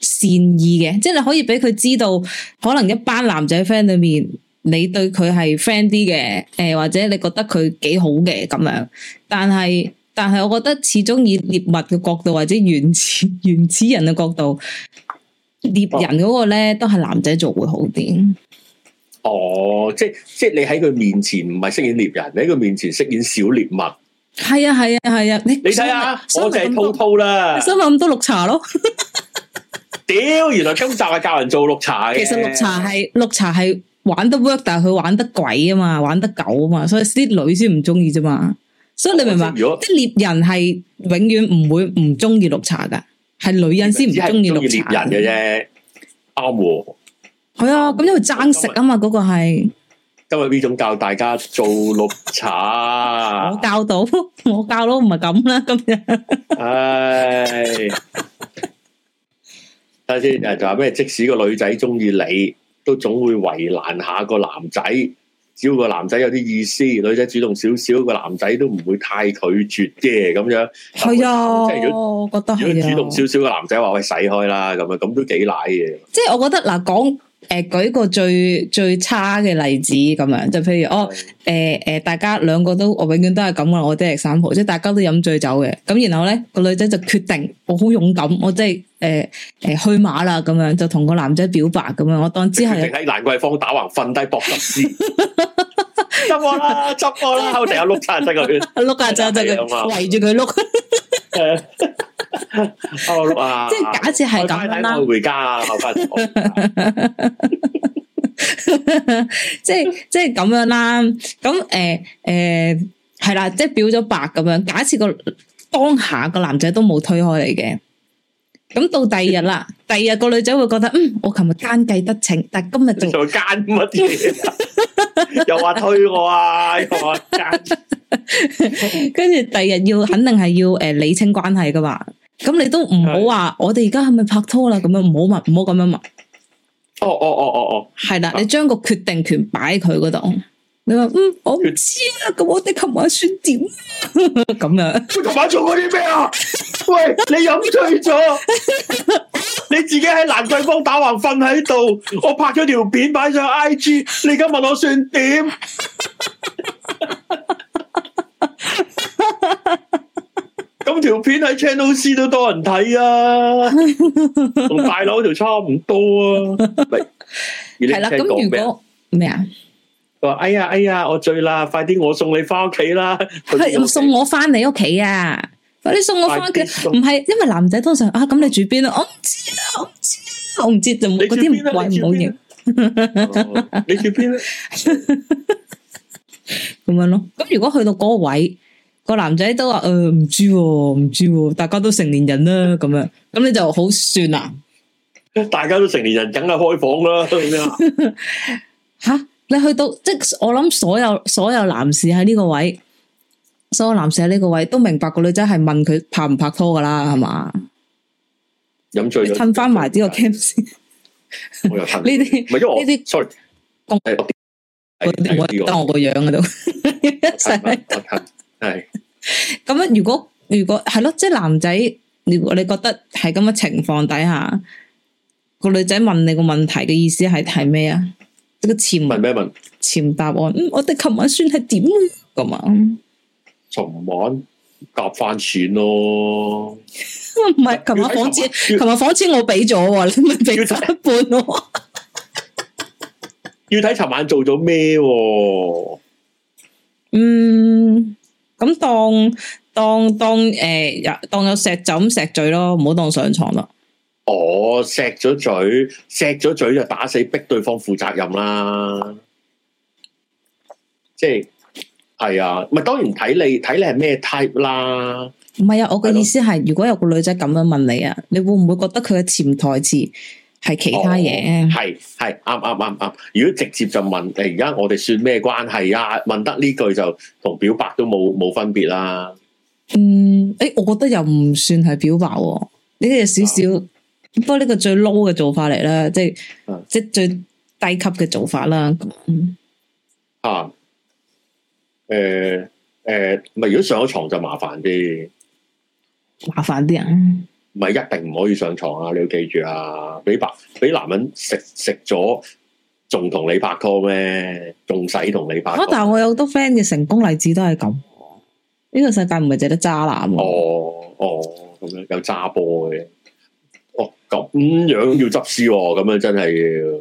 善意嘅，即係你可以俾佢知道，可能一班男仔 friend 裏面，你對佢係 friend 啲嘅，誒、呃、或者你覺得佢幾好嘅咁樣。但係但係，我覺得始終以獵物嘅角度或者原始原始人嘅角度，獵人嗰個咧、哦、都係男仔做會好啲。哦，即係即係你喺佢面前唔係飾演獵人，你喺佢面前飾演小獵物。係啊係啊係啊，啊，啊，你你睇下，我淨係滔滔啦，你收埋咁多綠茶咯。 <laughs> 屌，原來今集係教人做綠茶嘅。其實綠茶係綠茶係玩得 work，但係佢玩得鬼啊嘛，玩得狗啊嘛，所以啲女先唔中意啫嘛。所以你明唔明啊？啲獵人係永遠唔會唔中意綠茶噶，係女人先唔中意綠茶。獵人嘅啫，啱喎。係啊，咁因為爭食啊嘛，嗰個係。今日 B 總教大家做綠茶，我教到，我教到唔係咁啦，今日。係。睇先，就話咩？即使個女仔中意你，都總會為難下個男仔。只要個男仔有啲意思，女仔主動少少，個男仔都唔會太拒絕啫。咁樣。係啊，即係如果主動少少，個男仔話喂，使開啦咁啊，咁都幾奶嘅。即係我覺得嗱、啊啊啊啊、講。誒、呃，舉一個最最差嘅例子咁樣，就譬如哦，誒、呃、誒、呃，大家兩個都我永遠都係咁噶，我都係三婆，即係大家都飲醉酒嘅。咁然後咧，個女仔就決定，我好勇敢，我即係誒誒去馬啦，咁樣就同個男仔表白咁樣。我當之後淨係喺蘭桂坊打橫瞓低搏吉士，捉我 <laughs> 啦，捉我啦，後成日碌親真個圈，碌啊真真佢圍住佢碌。 <laughs> <laughs> <laughs> 即係假設係咁啦，即係即係咁樣啦。咁誒誒係啦，即係表咗白咁樣。假設個當下個男仔都冇推開你嘅，咁到第二日啦，第二日個女仔會覺得 <laughs> 嗯，我琴日奸計得逞，但係今日仲要奸乜嘢？ <laughs> <laughs> 又話推我啊，又話奸。跟 <laughs> 住 <laughs> 第二日要肯定係要誒理清關係㗎嘛。咁你都唔好話，我哋而家係咪拍拖啦？咁樣唔好問，唔好咁樣問。哦哦哦哦哦，係啦，你將個決定權擺喺佢嗰度。你話嗯，我唔知啊，咁我哋琴晚算點啊？咁樣，你 <laughs> 琴晚做過啲咩啊？ <laughs> 喂，你飲醉咗？ <laughs> 你自己喺蘭桂坊打橫瞓喺度，我拍咗條片擺上 IG，你而家問我算點？ <laughs> 咁條片喺 Channel C 都多人睇啊，同 <laughs> 大樓條差唔多啊。係 <laughs> 啦，咁如果咩啊？佢話哎呀哎呀，我醉啦！快啲我送你翻屋企啦！係送我翻你屋企啊！快啲送我翻屋企！唔係，因為男仔通常啊，咁你住邊啊？我唔知啊，我唔知，我唔知，我唔知就冇嗰啲位冇嘢。你住邊咧、啊？咁、啊 <laughs> 哦啊、 <laughs> 樣咯。咁如果去到嗰個位？個男仔都話，誒、呃，唔知、啊，唔知、啊，大家都成年人啦，咁樣，咁你就好算啦。大家都成年人，梗係開房啦，咁樣吓。吓、 <laughs> 啊，你去到，即我諗，所有所有男士喺呢個位，所有男士喺呢個位，個位，都明白個女仔係問佢拍唔拍拖㗎啦，係嘛？飲醉，趁翻埋呢個 cam 先我。呢啲唔係，因為呢啲 <laughs> sorry、哎哎哎哎哎、我、哎、我得、哎、我個樣嗰度。係咁樣，如果如果係咯，即係男仔，如果你覺得係咁嘅情況底下，個女仔問你個問題嘅意思係睇咩啊？即個潛問咩問？潛答案，我哋琴晚算係點 <laughs> <laughs> 啊？咁啊？琴晚搭翻船咯，唔係琴晚房錢，琴晚房錢我俾咗，你咪俾咗一半咯。要睇琴晚做咗咩，啊？嗯。咁當當當誒，有當有錫，就咁錫嘴咯，唔好當上床啦。哦，錫咗嘴，錫咗嘴就打死逼對方負責任啦。即係係啊，咪當然睇你睇你係咩 type 啦。唔係啊，我嘅意思係，如果有個女仔咁樣問你啊，你會唔會覺得佢嘅潛台詞？係其他嘢，係係啱啱啱啱。如果直接就問，誒，而家我哋算咩關係啊？問得呢句就同表白都冇冇分別啦。嗯，誒，我覺得又唔算係表白喎、啊，呢、這個有少少、啊，不過呢個最 low 嘅做法嚟啦，即、就、係、是啊、即最低級嘅做法啦。嗯，啊，誒、呃、誒，唔、呃、係，如果上咗床就麻煩啲，麻煩啲啊。咪一定唔可以上床啊！你要記住啊！俾白俾男人食食咗，仲同你拍拖咩？仲使同你拍？拖？但係我有好多 friend 嘅成功例子都係咁。呢、呢個世界唔係淨係得渣男。哦哦，咁樣有渣波嘅。哦，咁、哦哦、樣、嗯、要執事喎、哦，咁樣真係要。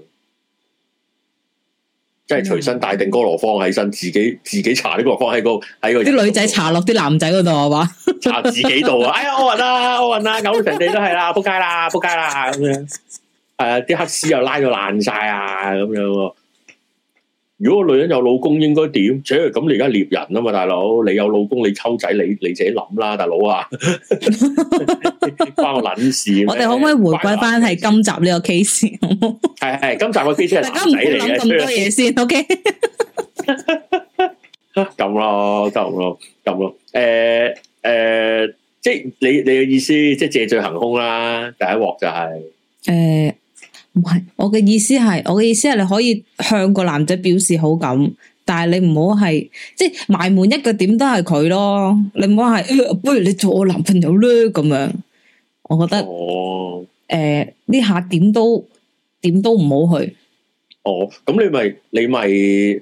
即係隨身帶定哥羅芳喺身，自己自己搽啲哥羅芳喺度喺度。啲女仔搽落啲男仔嗰度係嘛？搽 <laughs> 自己度啊！哎呀，我暈啦，我暈啦，嘔成地都係啦，仆街啦，仆街啦咁樣。係啊，啲黑絲又拉到爛晒啊，咁樣。如果女人有老公應該點？啫咁你而家獵人啊嘛，大佬，你有老公你抽仔，你你，你自己諗啦，大佬啊，關 <laughs> <laughs> <laughs> 我卵事。我哋可唔可以回歸翻係今集呢個 case？係，係今集個 case 係男仔嚟嘅，唔好諗咁多嘢先。O K，咁咯，得 <laughs> 咯， <laughs> 咁咯，誒誒、欸欸，即係你你嘅意思，即係借醉行凶啦，第一鑊就係、是、誒。欸唔係，我嘅意思係，我嘅意思係你可以向個男仔表示好感，但係你唔好係即係埋滿一個點都係佢咯，你唔好係，不如你做我男朋友咧咁樣。我覺得，誒呢下點都點都唔好去。哦，咁你咪你咪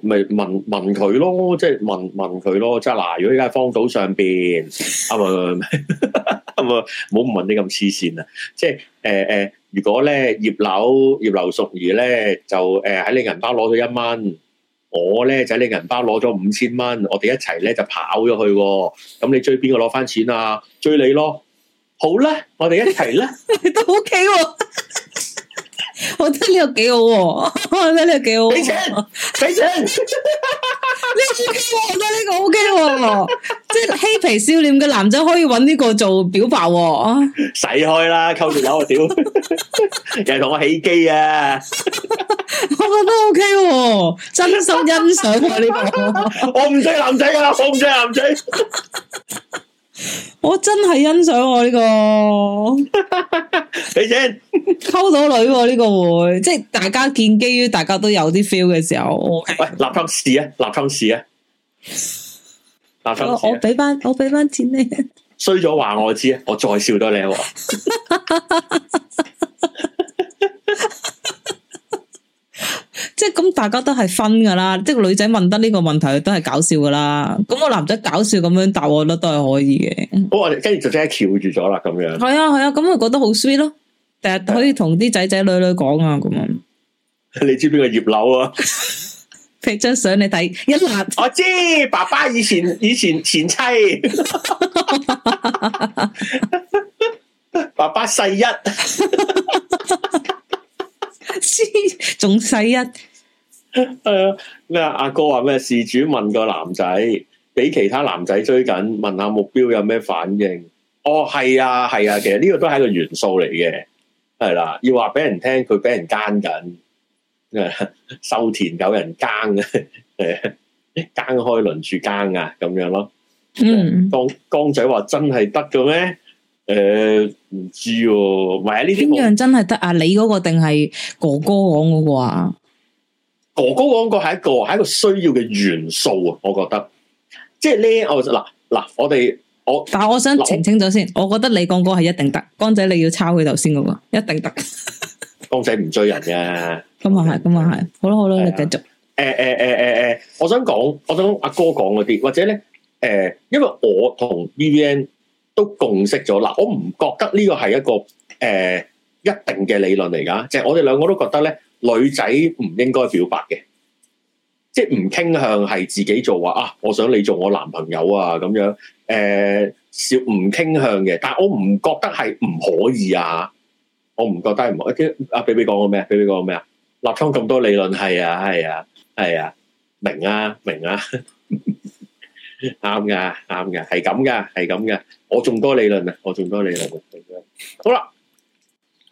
咪問問佢咯，即係問問佢咯。即係嗱，如果依家喺荒島上邊，啊咪咪咪啊啊好唔問你咁黐線啊即係欸欸如果咧葉劉葉劉淑儀咧就誒喺、呃、你銀包攞咗一蚊，我咧就喺你銀包攞咗五千蚊，我哋一齊咧就跑咗去喎、哦。咁你追邊個攞返錢啊？追你咯。好啦，我哋一齊咧 <laughs> 都 OK 喎、啊。 <laughs> 我覺得呢個幾好、啊，我覺得呢個幾好、啊。俾錢，俾錢，又 O K 喎，真係呢個 O K 喎，即 <laughs> 係嬉皮笑臉嘅男仔可以揾呢個做表白。啊，使開啦，溝住我屌， <laughs> <laughs> 人同我起機啊，啊， <laughs> 啊、這個、啊！我覺得 O K 喎，真心欣賞我呢個， <laughs> 我唔識男仔㗎喇，我唔識男仔。我真係欣賞我呢個，俾錢溝到女呢、啊、個會，即係大家見基於大家都有啲 feel 嘅時候。喂，立秋市啊，立秋市啊，立秋、啊、我俾翻我俾翻 <laughs> 錢你衰咗話我知啊，我再笑多你。 <laughs> <laughs> 即係咁，大家都係分噶啦。即係女仔問得呢個問題，都係搞笑噶啦。咁個男仔搞笑咁樣答，我咧都係可以嘅。我哋跟住就真係翹住咗啦，咁樣。係啊係啊，咁我、啊、覺得好 sweet 咯，第日可以同啲仔仔女女講啊，咁 <laughs> 樣你知邊個葉柳啊？拍張相你睇，一粒。我知，爸爸以前以前前妻。 <laughs> <laughs> <laughs> 爸爸細世一。 <laughs> 仲 <laughs> 細一，啊阿哥話咩事主問個男仔俾其他男仔追緊，問下目標有咩反應？哦係啊係啊，啊，其實呢個都係個元素嚟嘅。係啦、啊、要話俾人聽佢俾人奸緊，收、啊、田有人耕嘅，誒、啊、耕開輪住耕啊咁樣咯。嗯啊、江江仔話真係得嘅咩？誒、呃，唔知哦、啊，唔係呢邊樣真係得啊？你嗰個定係哥哥講嗰個啊？哥哥講個係一個係一個需要嘅元素啊！我覺得，即係呢，我嗱嗱，我哋我，但係我想澄清咗先我。我覺得你講嗰個係一定得，江仔你要抄佢頭先嗰個一定得。江仔唔追人嘅、啊，咁啊係，咁啊係，好啦好啦、啊，你繼續。誒誒誒誒誒，我想講，我想阿哥講嗰啲，或者咧，誒、呃，因為我同 VVN。都共識咗嗱，我唔覺得呢個係一個誒、呃、一定嘅理論嚟㗎，即係我哋兩個都覺得咧，女仔唔應該表白嘅，即係唔傾向係自己做話啊，我想你做我男朋友啊咁樣，誒少唔傾向嘅，但我唔覺得係唔可以啊，我唔覺得唔阿比比講個咩啊，比比講咩啊，立昌咁多理論係啊，係啊，係啊，明啊，明啊。呵呵啱噶，啱噶，係咁噶，係咁噶。我仲多理論啊，我仲多理論。好啦，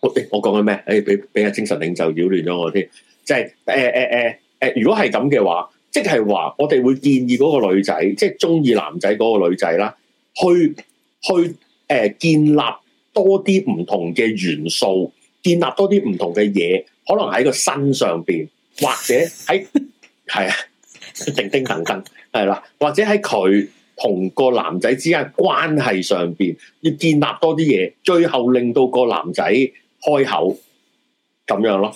我我講緊咩？誒、哎，俾俾個精神領袖擾亂咗我添。即係誒誒誒誒，如果係咁嘅話，即係話我哋會建議嗰個女仔，即係中意男仔嗰個女仔啦，去去誒、呃、建立多啲唔同嘅元素，建立多啲唔同嘅嘢，可能喺個身上邊，或者喺係 <laughs> 啊，定釘等等。係啦，或者喺佢同個男仔之間關係上邊，要建立多啲嘢，最後令到個男仔開口咁樣咯，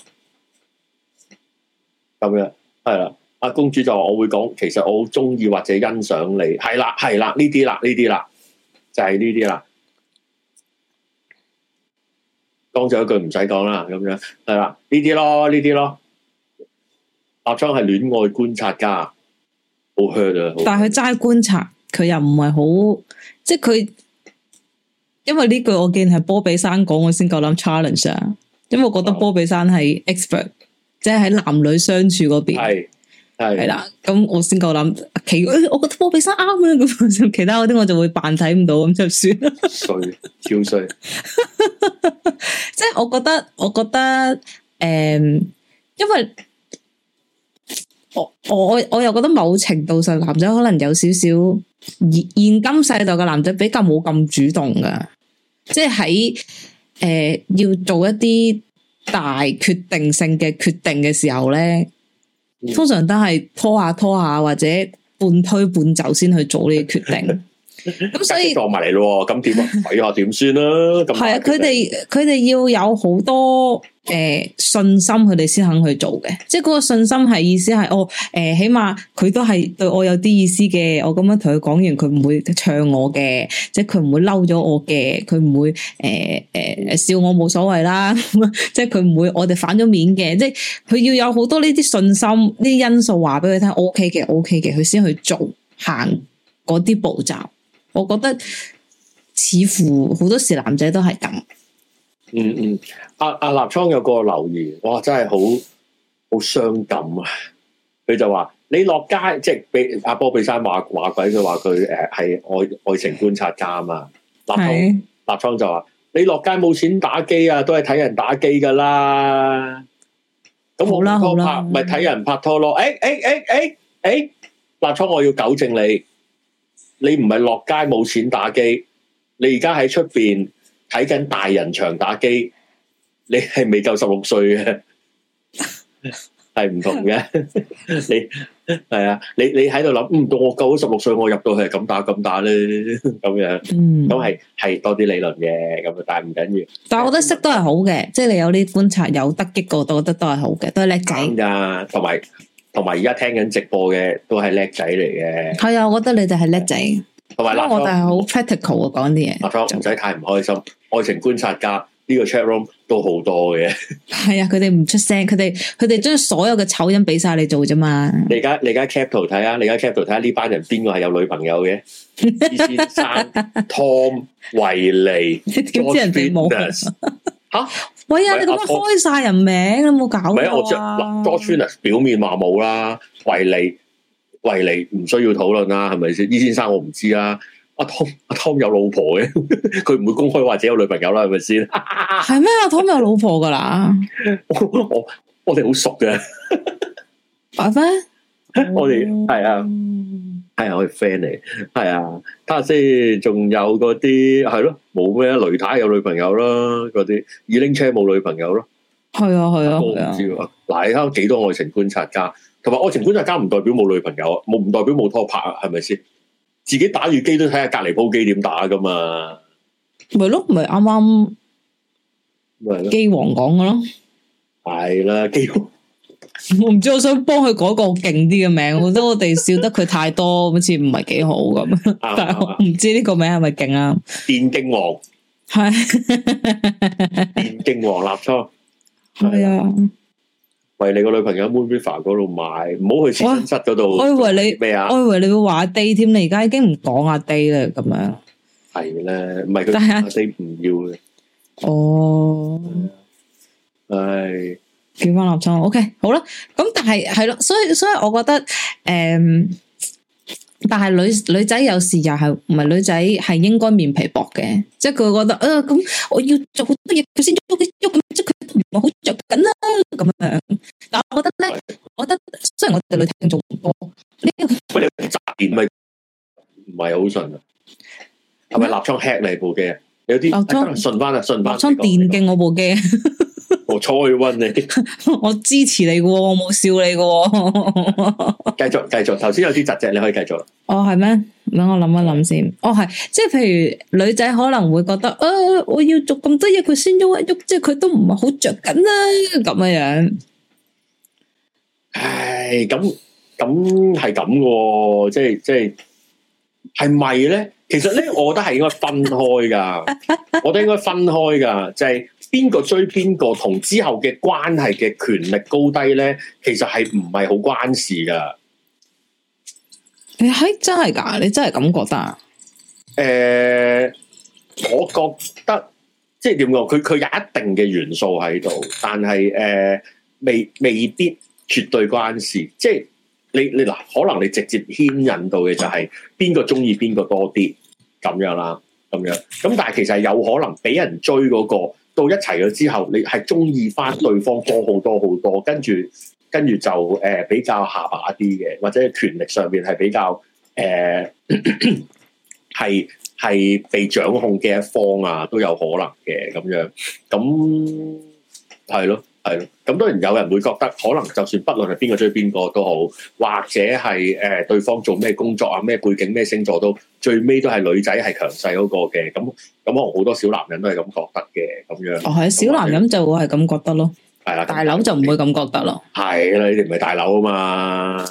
咁樣係啦。阿公主就話：我會講，其實我好中意或者欣賞你。係啦，係啦，呢啲啦，呢啲啦，就係呢啲啦。當咗一句唔使講啦，咁樣係啦，呢啲咯，呢啲咯。阿昌係戀愛觀察家。好 hurt 啊！但係齋觀察，佢又唔係好，即係佢，因為呢句我見係波比山講，我先夠諗 challenge、啊。因為我覺得波比山係 expert，、嗯、即係喺男女相處嗰邊係係係啦。咁我先夠諗，其我覺得波比山啱啊。咁其他嗰啲我就會扮睇唔到咁就算啦。衰超衰， <laughs> 即係我覺得，我覺得誒、嗯，因為。我我我又覺得某程度上男仔可能有少少現現今世代嘅男仔比較冇咁主動噶即係喺誒，要做一啲大決定性嘅決定嘅時候咧，通常都係拖下拖下或者半推半就先去做呢個決定。咁 <laughs> 所以撞埋嚟咯，咁點啊？睇下點算啦。係啊，佢哋佢哋要有好多誒信心，佢哋先肯去做嘅。即係嗰個信心係意思係，哦誒，起碼佢都係對我有啲意思嘅。我咁樣同佢講完，佢唔會唱我嘅，即係佢唔會嬲咗我嘅，佢唔會誒誒笑我冇所謂啦。即係佢唔會我哋反咗面嘅，即係佢要有好多呢啲信心，呢啲因素話俾佢聽，O K 嘅，O K 嘅，佢先去做行嗰啲步驟。我覺得似乎好多時男仔都係咁、嗯。嗯嗯，阿、啊、阿立倉有個留言，哇，真係好好傷感啊！佢就話：你落街，即係俾阿波比山話話鬼，佢話佢誒係愛愛情觀察家啊嘛。立同立倉就話：你落街冇錢打機啊，都係睇人打機㗎啦。咁好我拍咪睇人拍拖咯。誒誒誒誒誒，立倉，我要糾正你。你唔係落街冇錢打機，你而家喺出邊睇緊大人場打機，你係未夠十六歲嘅，係 <laughs> 唔同嘅。 <laughs> <laughs> 你係啊，你你喺度諗，唔到我夠十六歲，我入到去咁打咁打咧，咁樣，嗯，咁係係多啲理論嘅，咁啊，但係唔緊要。但係我覺得識都係好嘅，即係你有啲觀察，有得激過，我覺得都係好嘅，都係叻仔。啱噶，同埋。同埋而家聽緊直播嘅都係叻仔嚟嘅，係啊，我覺得你哋係叻仔。同埋我哋係好 practical 啊，講啲嘢。阿 Tom，唔使太唔開心。愛情觀察家呢個 chat room 都好多嘅。係啊，佢哋唔出聲，佢哋佢哋將所有嘅醜人俾晒你做啫嘛。你而家你而家 cap 睇下，你而家 cap 睇下呢班人邊個係有女朋友嘅？ <laughs> 先生 Tom 維尼點知人哋冇 e 喂啊！你咁樣開晒人名，啊、你冇搞錯啊！我着係多川啊，表面話冇啦，維尼，維尼唔需要討論啦，係咪先？伊、e、先生我唔知啊，阿湯阿、啊、湯有老婆嘅，佢 <laughs> 唔會公開或者有女朋友啦，係咪先？係咩阿湯有老婆噶啦 <laughs> ？我我哋好熟嘅，阿芬，我哋係 <laughs> Bye-bye? <laughs> um... 啊。係、哎、啊，我係 friend 嚟。係、哎、啊，睇下先。仲有嗰啲係咯，冇咩啊？雷太有女朋友咯，嗰啲。二 link 車冇女朋友咯。係啊，係啊，啊，啊。我唔知喎。嗱、啊，你睇下幾多愛情觀察家，同埋愛情觀察家唔代表冇女朋友啊，冇唔代表冇拖拍啊，係咪先？自己打住機都睇下隔籬鋪機點打噶嘛。咪咯，咪啱啱。咪咯。機王講噶咯。係啦，機。我唔知，我想幫佢改個勁啲嘅名，我覺得我哋笑得佢太多，好似唔係幾好咁。但係我唔知呢個名係咪勁啊？電競王係電競王立初係啊，喂你個女朋友 move it far 嗰度買，唔好去前室嗰度。我以為你咩啊？我以為你會話 day 添，你而家已經唔講阿 day 啦，咁樣係咧，唔係佢 day 唔要嘅哦，係。叫翻立倉，OK，好啦。咁但係係咯，所以所以我覺得，誒、嗯，但係女女仔有時又係，唔係女仔係應該面皮薄嘅，即係佢會覺得，啊，咁我要做好多嘢，佢先喐一喐咁，即係佢唔係好着緊啦咁樣。但係我覺得咧，我覺得雖然我哋女聽眾做咁多，嗯這個、你雜電咪唔係好順啊？係咪立倉吃你部機？有啲立倉順翻啦，順翻。立、哎、倉電競我部機。 <laughs> 我去溫你，我支持你嘅，我冇笑你嘅。繼續繼續，頭先有啲窒窒，你可以繼續。哦，係咩？等我諗一諗先。哦，係，即係譬如女仔可能會覺得，啊，我要做咁多嘢，佢先喐一喐，即係佢都唔係好着緊啦，咁嘅樣，樣。唉，咁咁係咁嘅，即係即係係咪咧？其實咧，我覺得係應該分開噶， <laughs> 我都應該分開噶，就係、是。邊個追邊個，同之後嘅關係嘅權力高低咧，其實係唔係好關事噶？你係真係噶？你真係咁覺得？誒、呃，我覺得即係點講，佢佢有一定嘅元素喺度，但係誒、呃、未未必絕對關事。即係你你嗱，可能你直接牽引到嘅就係邊個中意邊個多啲咁樣啦，咁樣咁。但係其實係有可能俾人追嗰個。到一齊咗之後，你係鍾意返對方過好多好多好多，跟住跟住就誒、呃、比較下把啲嘅，或者權力上面係比較誒係係被掌控嘅一方啊，都有可能嘅咁樣，咁係咯。係咁，當然有人會覺得，可能就算不論係邊個追邊個都好，或者係誒、呃、對方做咩工作啊、咩背景、咩星座都，最尾都係女仔係強勢嗰個嘅。咁咁可能好多小男人都係咁覺得嘅，咁樣。哦，係、就是、小男人就會係咁覺得咯，係啊，大佬就唔會咁覺得咯。係啦，你哋唔係大佬啊嘛。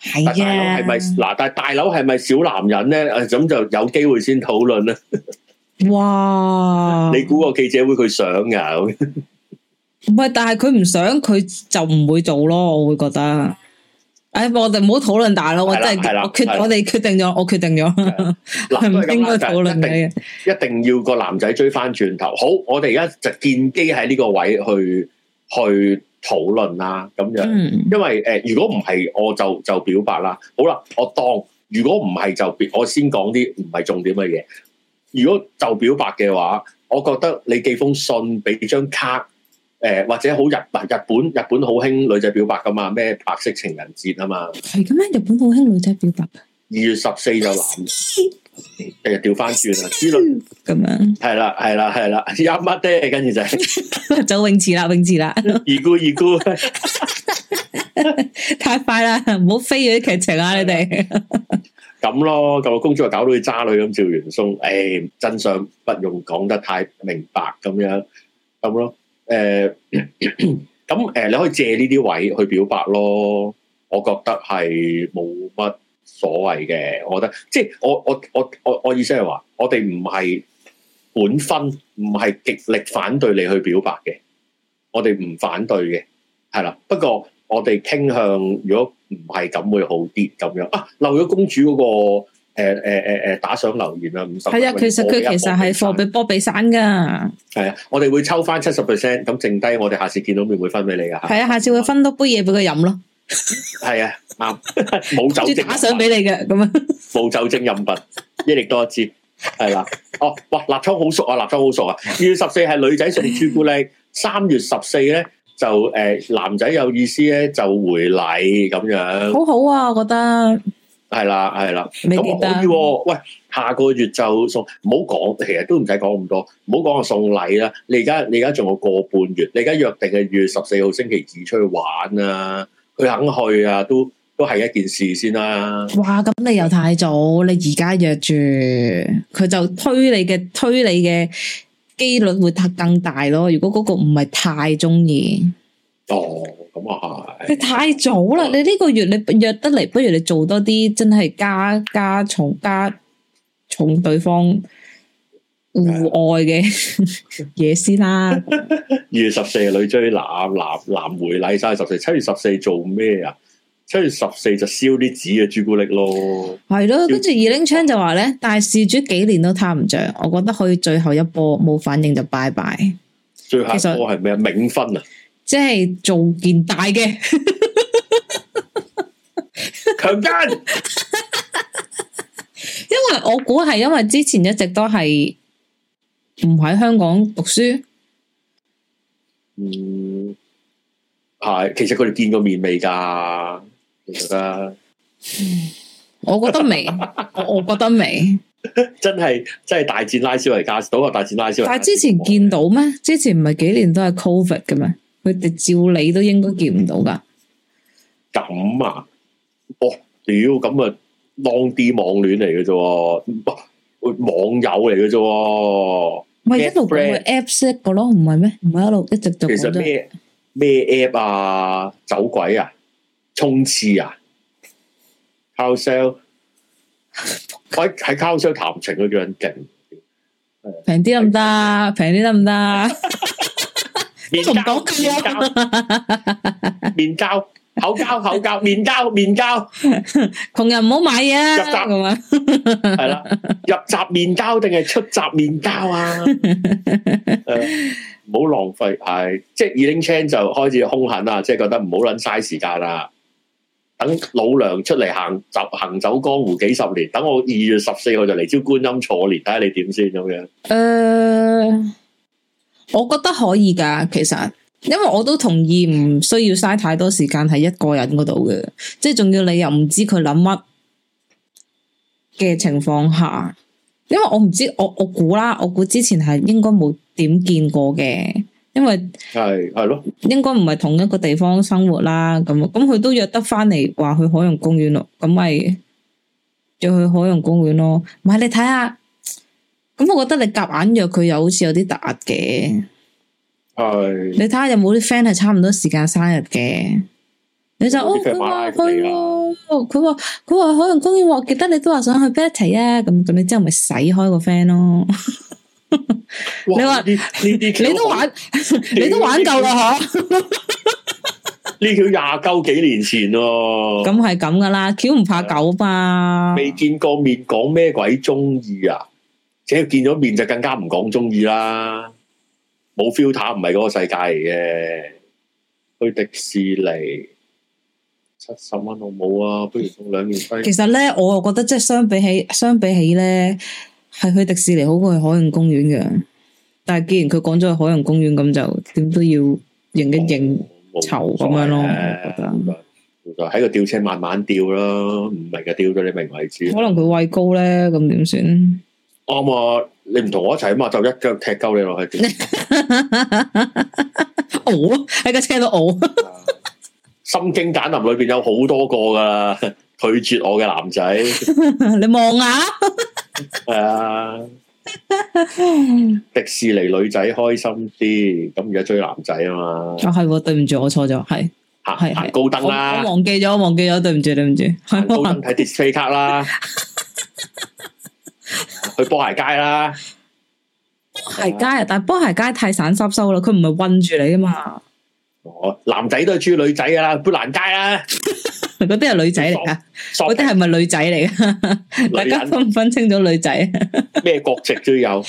係啊，係咪嗱？但大佬係咪小男人咧？咁就有機會先討論啦。哇！ <laughs> 你估個記者會佢想噶 <laughs> 唔係，但係佢唔想，佢就唔會做咯。我會覺得，哎，我哋唔好討論大咯。我真係我決我哋決定咗，我決定咗。嗱， <laughs> 唔應該討論你。一定要個男仔追翻轉頭。好，我哋而家就見機喺呢個位置去去討論啦。咁樣，嗯、因為誒、呃，如果唔係，我就就表白啦。好啦，我當如果唔係就我先講啲唔係重點嘅嘢。如果就表白嘅話，我覺得你寄封信俾張卡。誒、欸，或者好日日日本日本好興女仔表白噶嘛？咩白色情人節啊嘛？係咁樣！日本好興女仔表白。二月十四就男，誒 <laughs> 過來，調翻轉啊！咁樣係啦，係啦，係啦，阿媽爹，跟住就 <laughs> 走泳池啦，泳池啦，二姑二姑，太快啦，唔好飛嗰啲劇情啊！你哋咁 <laughs> 咯，個公主又搞到佢渣女咁，趙元松，誒，真相不用講得太明白樣，咁樣咁咯。誒、呃，咁誒、呃，你可以借呢啲位去表白咯，我覺得係冇乜所謂嘅。我覺得即係我我我我我意思係話，我哋唔係本分，唔係極力反對你去表白嘅，我哋唔反對嘅，係啦。不過我哋傾向如果唔係咁會好啲咁樣啊，漏咗公主嗰、那個。誒誒誒誒，打賞留言啊，五十係啊，其實佢其實係貨幣波比散噶，係啊，我哋會抽翻七十 percent，咁剩低我哋下次見到面會分俾你噶，係啊，下次會分多杯嘢俾佢飲咯，係 <laughs> 啊，啱，冇酒精，打賞俾你嘅咁啊，冇 <laughs> 酒精飲品，益力多一支，係啦、啊，哦，哇，立倉好熟啊，立倉好熟啊，二月十四係女仔送朱古力，三月十四咧就誒、呃、男仔有意思咧就回禮咁樣，好好啊，我覺得。係啦，係啦，咁可以、哦嗯。喂，下個月就送，唔好講，其實都唔使講咁多，唔好講我送禮啦。你而家你而家仲有個半月，你而家約定二月十四號星期二出去玩啊，佢肯去啊，都係都係一件事先啦、啊。哇，咁你又太早，你而家約住，佢就推你嘅推你嘅機率會更大咯。如果嗰個唔係太中意，哦。咁啊係！你太早啦！你呢個月你約得嚟，不如你做多啲真係加加重加重對方戶外嘅嘢先啦。二月十四女追男，男男回禮晒十四。七月十四做咩啊？七月十四就燒啲紙嘅朱古力咯。係咯，跟住二零槍就話咧，但係事主幾年都貪唔着，我覺得可以最後一波冇反應就拜拜。最後一波係咩啊？冥婚啊！即係做件大嘅 <laughs> 強奸， <laughs> 因為我估係因為之前一直都係唔喺香港讀書。嗯，係其實佢哋見過面未㗎？其實 <laughs> ，我覺得未，我我覺得未，真係真係大戰拉斯維加到啊！大戰拉斯維，但係之前見到咩？之前唔係幾年都係 covid 嘅咩？佢哋照理都應該見唔到噶、嗯，咁啊，哦，屌，咁啊，當啲網戀嚟嘅啫，哦，網友嚟嘅啫，咪一路用 A P P 識嘅咯，唔係咩？唔係一路一直做。其實咩咩 A P P 啊，走鬼啊，衝刺啊 House Sell 喺 House Sell 談情，佢叫人勁，平啲得唔得？平啲得唔得？面膠，面膠， <laughs> 口膠，口膠，面膠，面膠。窮人唔好買嘢啊！入閘咁 <laughs> 啊，係 <laughs> 啦、呃，入閘面膠定係出閘面膠啊？唔好浪費，係即係二零千就開始凶狠啦，即係覺得唔好捻嘥時間啦。等老娘出嚟行行走江湖幾十年，等我二月十四號就嚟招觀音坐蓮，睇下你點先咁樣。誒。呃我覺得可以噶，其實，因為我都同意唔需要嘥太多時間喺一個人嗰度嘅，即係仲要你又唔知佢諗乜嘅情況下，因為我唔知，我我估啦，我估之前係應該冇點見過嘅，因為係係咯，應該唔係同一個地方生活啦，咁咁佢都約得翻嚟話去海洋公園咯，咁咪就去海洋公園咯，咪你睇下。咁、嗯、我覺得你夾硬約佢又好似有啲突嘅，係你睇下有冇啲 friend 係差唔多時間生日嘅、哦，你就哦佢話佢話佢話可能公園話記得你都話想去 Betty 啊，咁咁你之後咪使開個 friend 咯。 <laughs> 你話呢啲你都玩夠你都玩夠啦嗬？呢叫廿九幾年前咯、啊，咁係咁噶啦，橋唔怕狗吧？未見過面講咩鬼中意啊？只見咗面就更加唔講鍾意啦，冇 filter 唔係嗰個世界嚟嘅。去迪士尼七十蚊好冇啊，不如送兩面飛。其實咧，我又覺得即係相比起，相比起咧，係去迪士尼好過去海,海洋公園嘅。但係既然佢講咗去海洋公園，咁就點都要認一認籌咁樣咯。冇錯、啊，冇錯，喺個吊車慢慢吊咯，唔明嘅吊到你明為止。可能佢畏高咧，咁點算？啱啊！你唔同我一齊啊嘛，就一腳踢鳩你落去點？嘔喺架車度嘔、啊。心經簡林裏邊有好多個噶拒絕我嘅男仔。 <laughs> 你望下，係啊。 <laughs> 迪士尼女仔開心啲，咁而家追男仔啊嘛。啊係，對唔住，我錯咗。係行，係行高登啦、啊。我忘記咗，忘記咗，對唔住，對唔住。高登睇迪士尼卡啦。 <laughs> 去波鞋街啦，波鞋街啊！但係波鞋街太散濕濕啦，佢唔係韞住你啊嘛。哦，男仔都係追女仔噶啦，砵蘭街啦，嗰啲係女仔嚟噶，嗰啲係咪女仔嚟噶？大家分唔分清楚女仔？咩國籍都有，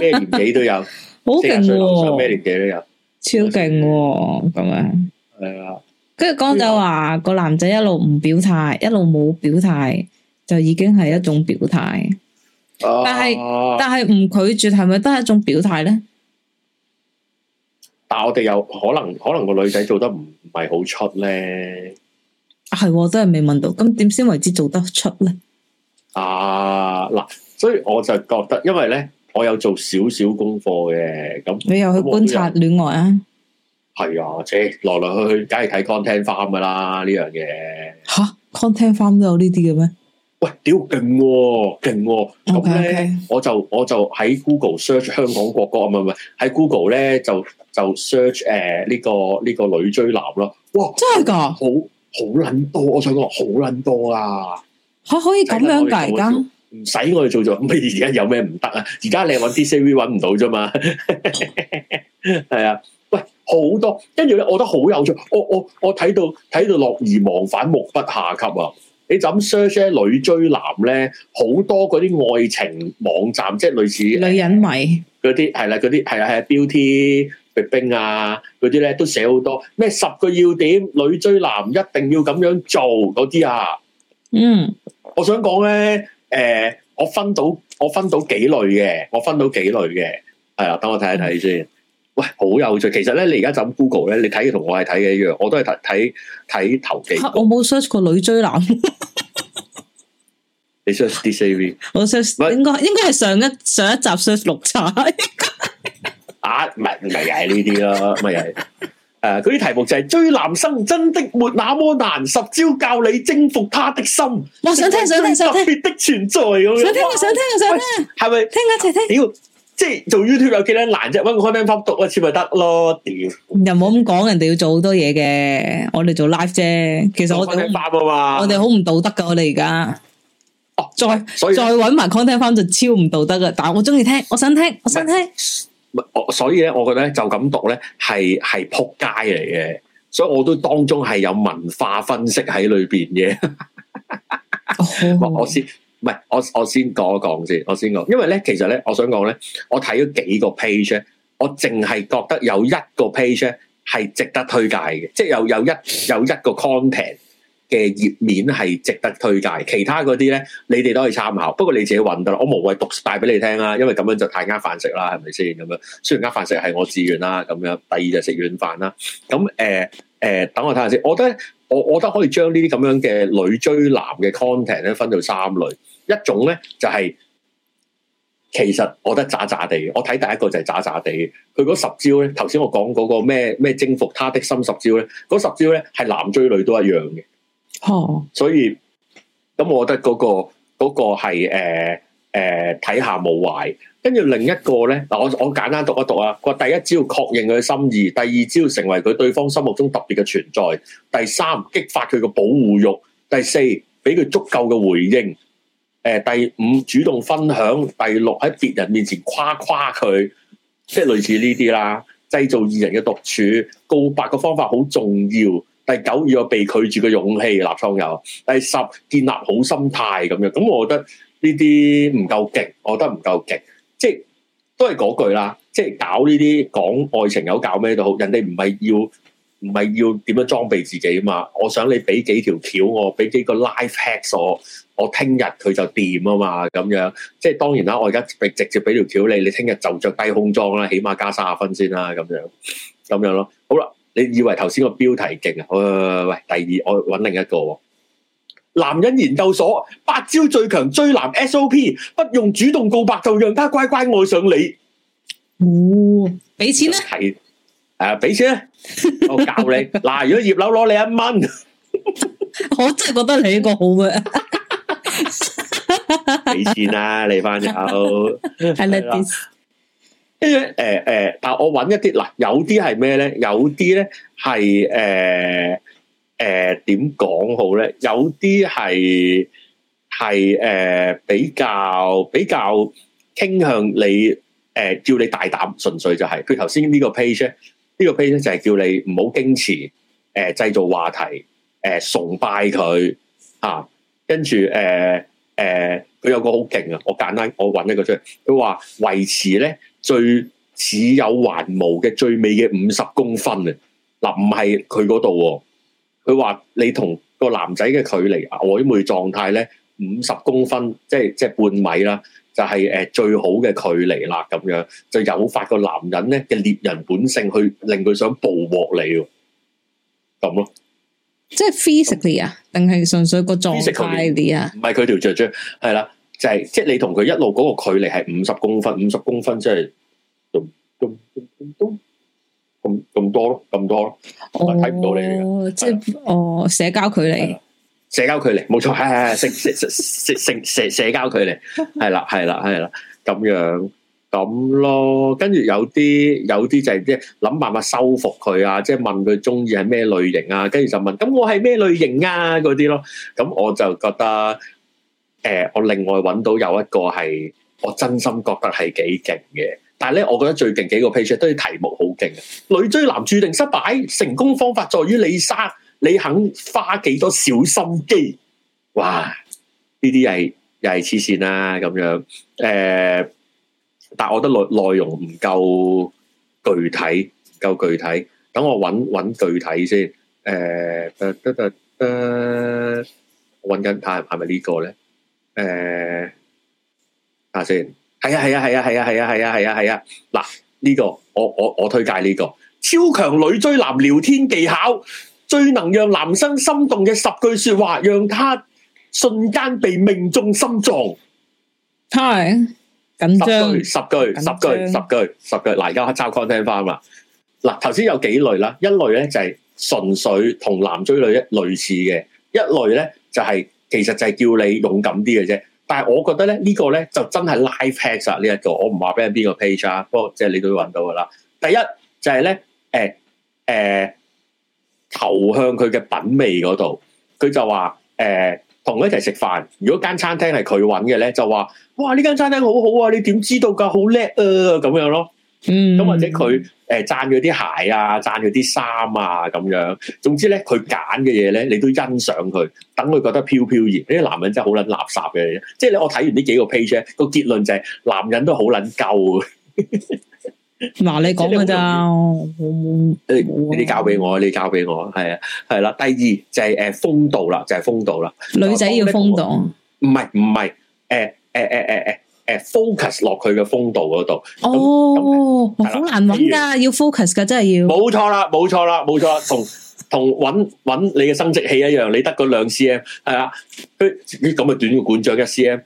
咩年紀都有，好勁喎，咩年紀都有，超勁咁樣！係啊，跟住講就話個男仔一路唔表態，一路冇表態，就已經係一種表態。但係、啊，但係唔拒絕係咪都係一種表態咧？但係我哋又可能，可能個女仔做得唔係好出咧。係、啊，都係未問到。咁點先為之做得出咧？啊嗱，所以我就覺得，因為咧，我有做少少功課嘅咁。你又去觀察戀愛啊？係啊，即係來來去下去，梗係睇 content 翻噶啦呢樣嘢。嚇、啊、content 翻都有呢啲嘅咩？喂，屌勁，勁咁咧，我就我就喺 Google search 香港國歌。唔係唔係喺 Google 咧就就 search 誒、呃、呢、呢個呢、呢個女追男啦，哇，真係噶，好好撚多，我想講好撚多啊，可可以咁樣噶而家？唔使我哋做做，咩而家有咩唔得啊？現在找找不而家你揾 D C V 揾唔到啫嘛，係 <laughs> 啊，喂，好多，跟住咧，我覺得好有趣，我我我睇到睇到樂而忘返，目不暇給啊！你就咁 search 咧，女追男咧，好多嗰啲愛情網站，即係類似女人迷嗰啲，係啦，嗰啲係啊係啊 Beauty、Bing 啊嗰啲咧，都寫好多咩十個要點，女追男一定要咁樣做嗰啲啊。嗯，我想講咧，誒、呃，我分到我分到幾類嘅，我分到幾類嘅，係啊，等我睇一睇先。喂，好有趣！其實咧，你而家就咁 Google 咧，你睇嘅同我係睇嘅一樣，我都係睇睇睇頭幾、啊。我冇 search 過女追男。 <laughs> 你 search D C V，我 search 應該應該係上一上一集 search 綠茶。 <laughs> 啊，唔係唔係，又係呢啲啦，咪又係。誒、 <laughs> 啊，啲題目就係、是、 <laughs> 追男生真的沒那麼難，十招教你征服他的心。我想聽，想聽，想聽。別的存在咁想聽啊！想聽啊！想聽、啊。係咪？聽一、啊、齊聽。聽啊。即係做 YouTube 有幾多難啫、啊？揾個 content farm 讀一次咪得咯。又冇咁講，人哋要做好多嘢嘅。我哋做 live 啫。其實我們很我哋好唔道德噶。我哋而家哦，再再揾埋 content farm 就超唔道德噶。但係我中意聽，我想聽，我想聽。所以咧，我覺得就咁讀咧，係係撲街嚟嘅。所以我都當中係有文化分析喺裏邊嘅。 <laughs> oh. 我先。唔係，我我先講一講先，我先講，因為咧，其實咧，我想講咧，我睇咗幾個 page 咧，我淨係覺得有一個 page 係值得推介嘅，即係有有一有一個 content 嘅頁面係值得推介，其他嗰啲咧，你哋都可以參考。不過你自己搵到啦，我無謂讀帶俾你聽啦，因為咁樣就太呃飯食啦，係咪先咁樣？雖然呃飯食係我志願啦，咁樣第二就食軟飯啦。咁、呃呃、等我睇下先，我覺得我我覺得可以將呢啲咁樣嘅女追男嘅 content 咧分到三類。一種咧就係、是，其實我覺得渣渣地，我睇第一個就係渣渣地。佢嗰十招咧，頭先我講嗰、那個咩咩征服他的心十招咧，嗰十招咧係男追女都一樣嘅。哦，所以咁我覺得嗰、那個嗰、那個係誒誒睇下冇壞。跟、呃、住、呃、另一個咧嗱，我我簡單讀一讀啊。個第一招要確認佢心意，第二招要成為佢對方心目中特別嘅存在，第三激發佢個保護欲，第四俾佢足夠嘅回應。誒，第五主動分享，第六喺別人面前誇誇佢，即係類似呢啲啦，製造二人嘅獨處，告白嘅方法好重要。第九要有被拒絕嘅勇氣，立窗友。第十建立好心態咁樣，咁我覺得呢啲唔夠勁，我覺得唔夠勁，即係都係嗰句啦，即係搞呢啲講愛情有搞咩都好，人哋唔係要。唔係要點樣裝備自己嘛？我想你俾幾條橋我，俾幾個 life hacks 我，我聽日佢就掂啊嘛，咁樣。即係當然啦，我而家直接俾條橋你，你聽日就着低胸裝啦，起碼加三十分先啦，啊，咁樣，咁樣咯。好啦，你以為頭先個標題勁啊？誒，喂，第二我揾另一個男人研究所八招最強追男 SOP，不用主動告白就讓他乖乖愛上你。哦，俾錢啦！啊！俾錢啦、啊，我教你嗱、 <laughs> 啊。如果葉劉攞你一蚊， <laughs> 我真係覺得你呢個好嘅、啊。俾 <laughs> 錢啦、啊，你番友。I like this 跟住咧，誒 <laughs> 誒、欸欸，但我揾一啲嗱、啊，有啲係咩咧？有啲咧係誒誒，點講、呃呃、好咧？有啲係係誒，比較比較傾向你誒、呃，叫你大膽，純粹就係佢頭先呢個 page 咧。呢、這個 page 咧就係叫你唔好矜持，誒、呃、製造話題，誒、呃、崇拜佢嚇、啊，跟住誒誒，佢、呃呃、有個好勁啊！我簡單，我揾一個出嚟。佢話維持咧最似有還無嘅最尾嘅五十公分啊！嗱、哦，唔係佢嗰度喎。佢話你同個男仔嘅距離曖昧狀態咧五十公分，即係即係半米啦。就係、是、誒最好嘅距離啦，咁樣就誘發個男人咧嘅獵人本性，去令佢想捕獲你喎，咁咯。即係 physically 啊，定係純粹個狀態啲啊？唔係佢條雀雀，係啦，就係即係你同佢一路嗰個距離係五十公分，五十公分即係咁咁咁多，咁咁多咯，咁多咯，我咪睇唔到你啊！即係哦，社交距離。社交距離冇錯，係係係，社社社社社交距離，係啦係啦係啦，咁、啊、樣咁咯。跟住有啲有啲就係即係諗辦法收服佢啊，即係問佢中意係咩類型啊，跟住就問咁我係咩類型啊嗰啲咯。咁我就覺得，呃、我另外揾到有一個係我真心覺得係幾勁嘅，但係咧，我覺得最近幾個 page 都係題目好勁。女追男注定失敗，成功方法在於你生。你肯花幾多少小心機？哇！呢啲又係又係黐線啦咁樣。誒、啊，但係我覺得內內容唔夠具體，夠具體。等我搵搵具體先。誒，搵緊，係係咪呢個咧？誒，睇下先。係啊係啊係啊係啊係啊係啊係啊。嗱，呢個呢個我我我推介呢個超強女追男聊天技巧。最能讓男生心動嘅十句說話，讓他瞬間被命中心臟。係，緊張。十句，十句，十句，十句，十句。嗱，而家我抄 content 翻啦。嗱，頭先有幾類啦，一類咧就係純粹同男追女一類似嘅，一類咧就係、是、其實就係叫你勇敢啲嘅啫。但係我覺得咧呢個咧就真係 live hacks 啊呢一個，我唔話俾人邊個 page 啊，不過即係你都會揾到噶啦。第一就係、是、咧，誒，誒。誒誒投向佢嘅品味嗰度，佢就話，誒、呃，同佢一齊食飯，如果間餐廳係佢搵嘅咧，就話，哇，呢間餐廳好好啊！你點知道㗎？好叻啊！咁樣咯。咁、嗯、或者佢誒，讚咗啲鞋啊，讚咗啲衫啊，咁樣。總之咧，佢揀嘅嘢咧，你都欣賞佢。等佢覺得飄飄然。呢啲男人真係好捻垃圾嘅，即係咧。我睇完呢幾個 page 咧，個結論就係男人都好捻鳩。 <laughs> 話你講噶咋？你教俾我，你教俾我，係啊，係啦。第二就係、是、誒風度啦，就係、是、風度啦。女仔要風度，唔係唔係，誒誒誒誒誒誒，focus 落佢嘅風度嗰度。哦，好難搵噶，要 focus 噶，真係要。冇錯啦，冇錯啦，冇錯。同 <laughs> 同搵搵你嘅生殖器一樣，你得個兩 cm，係啊，啲咁啊，叫個管長一 cm。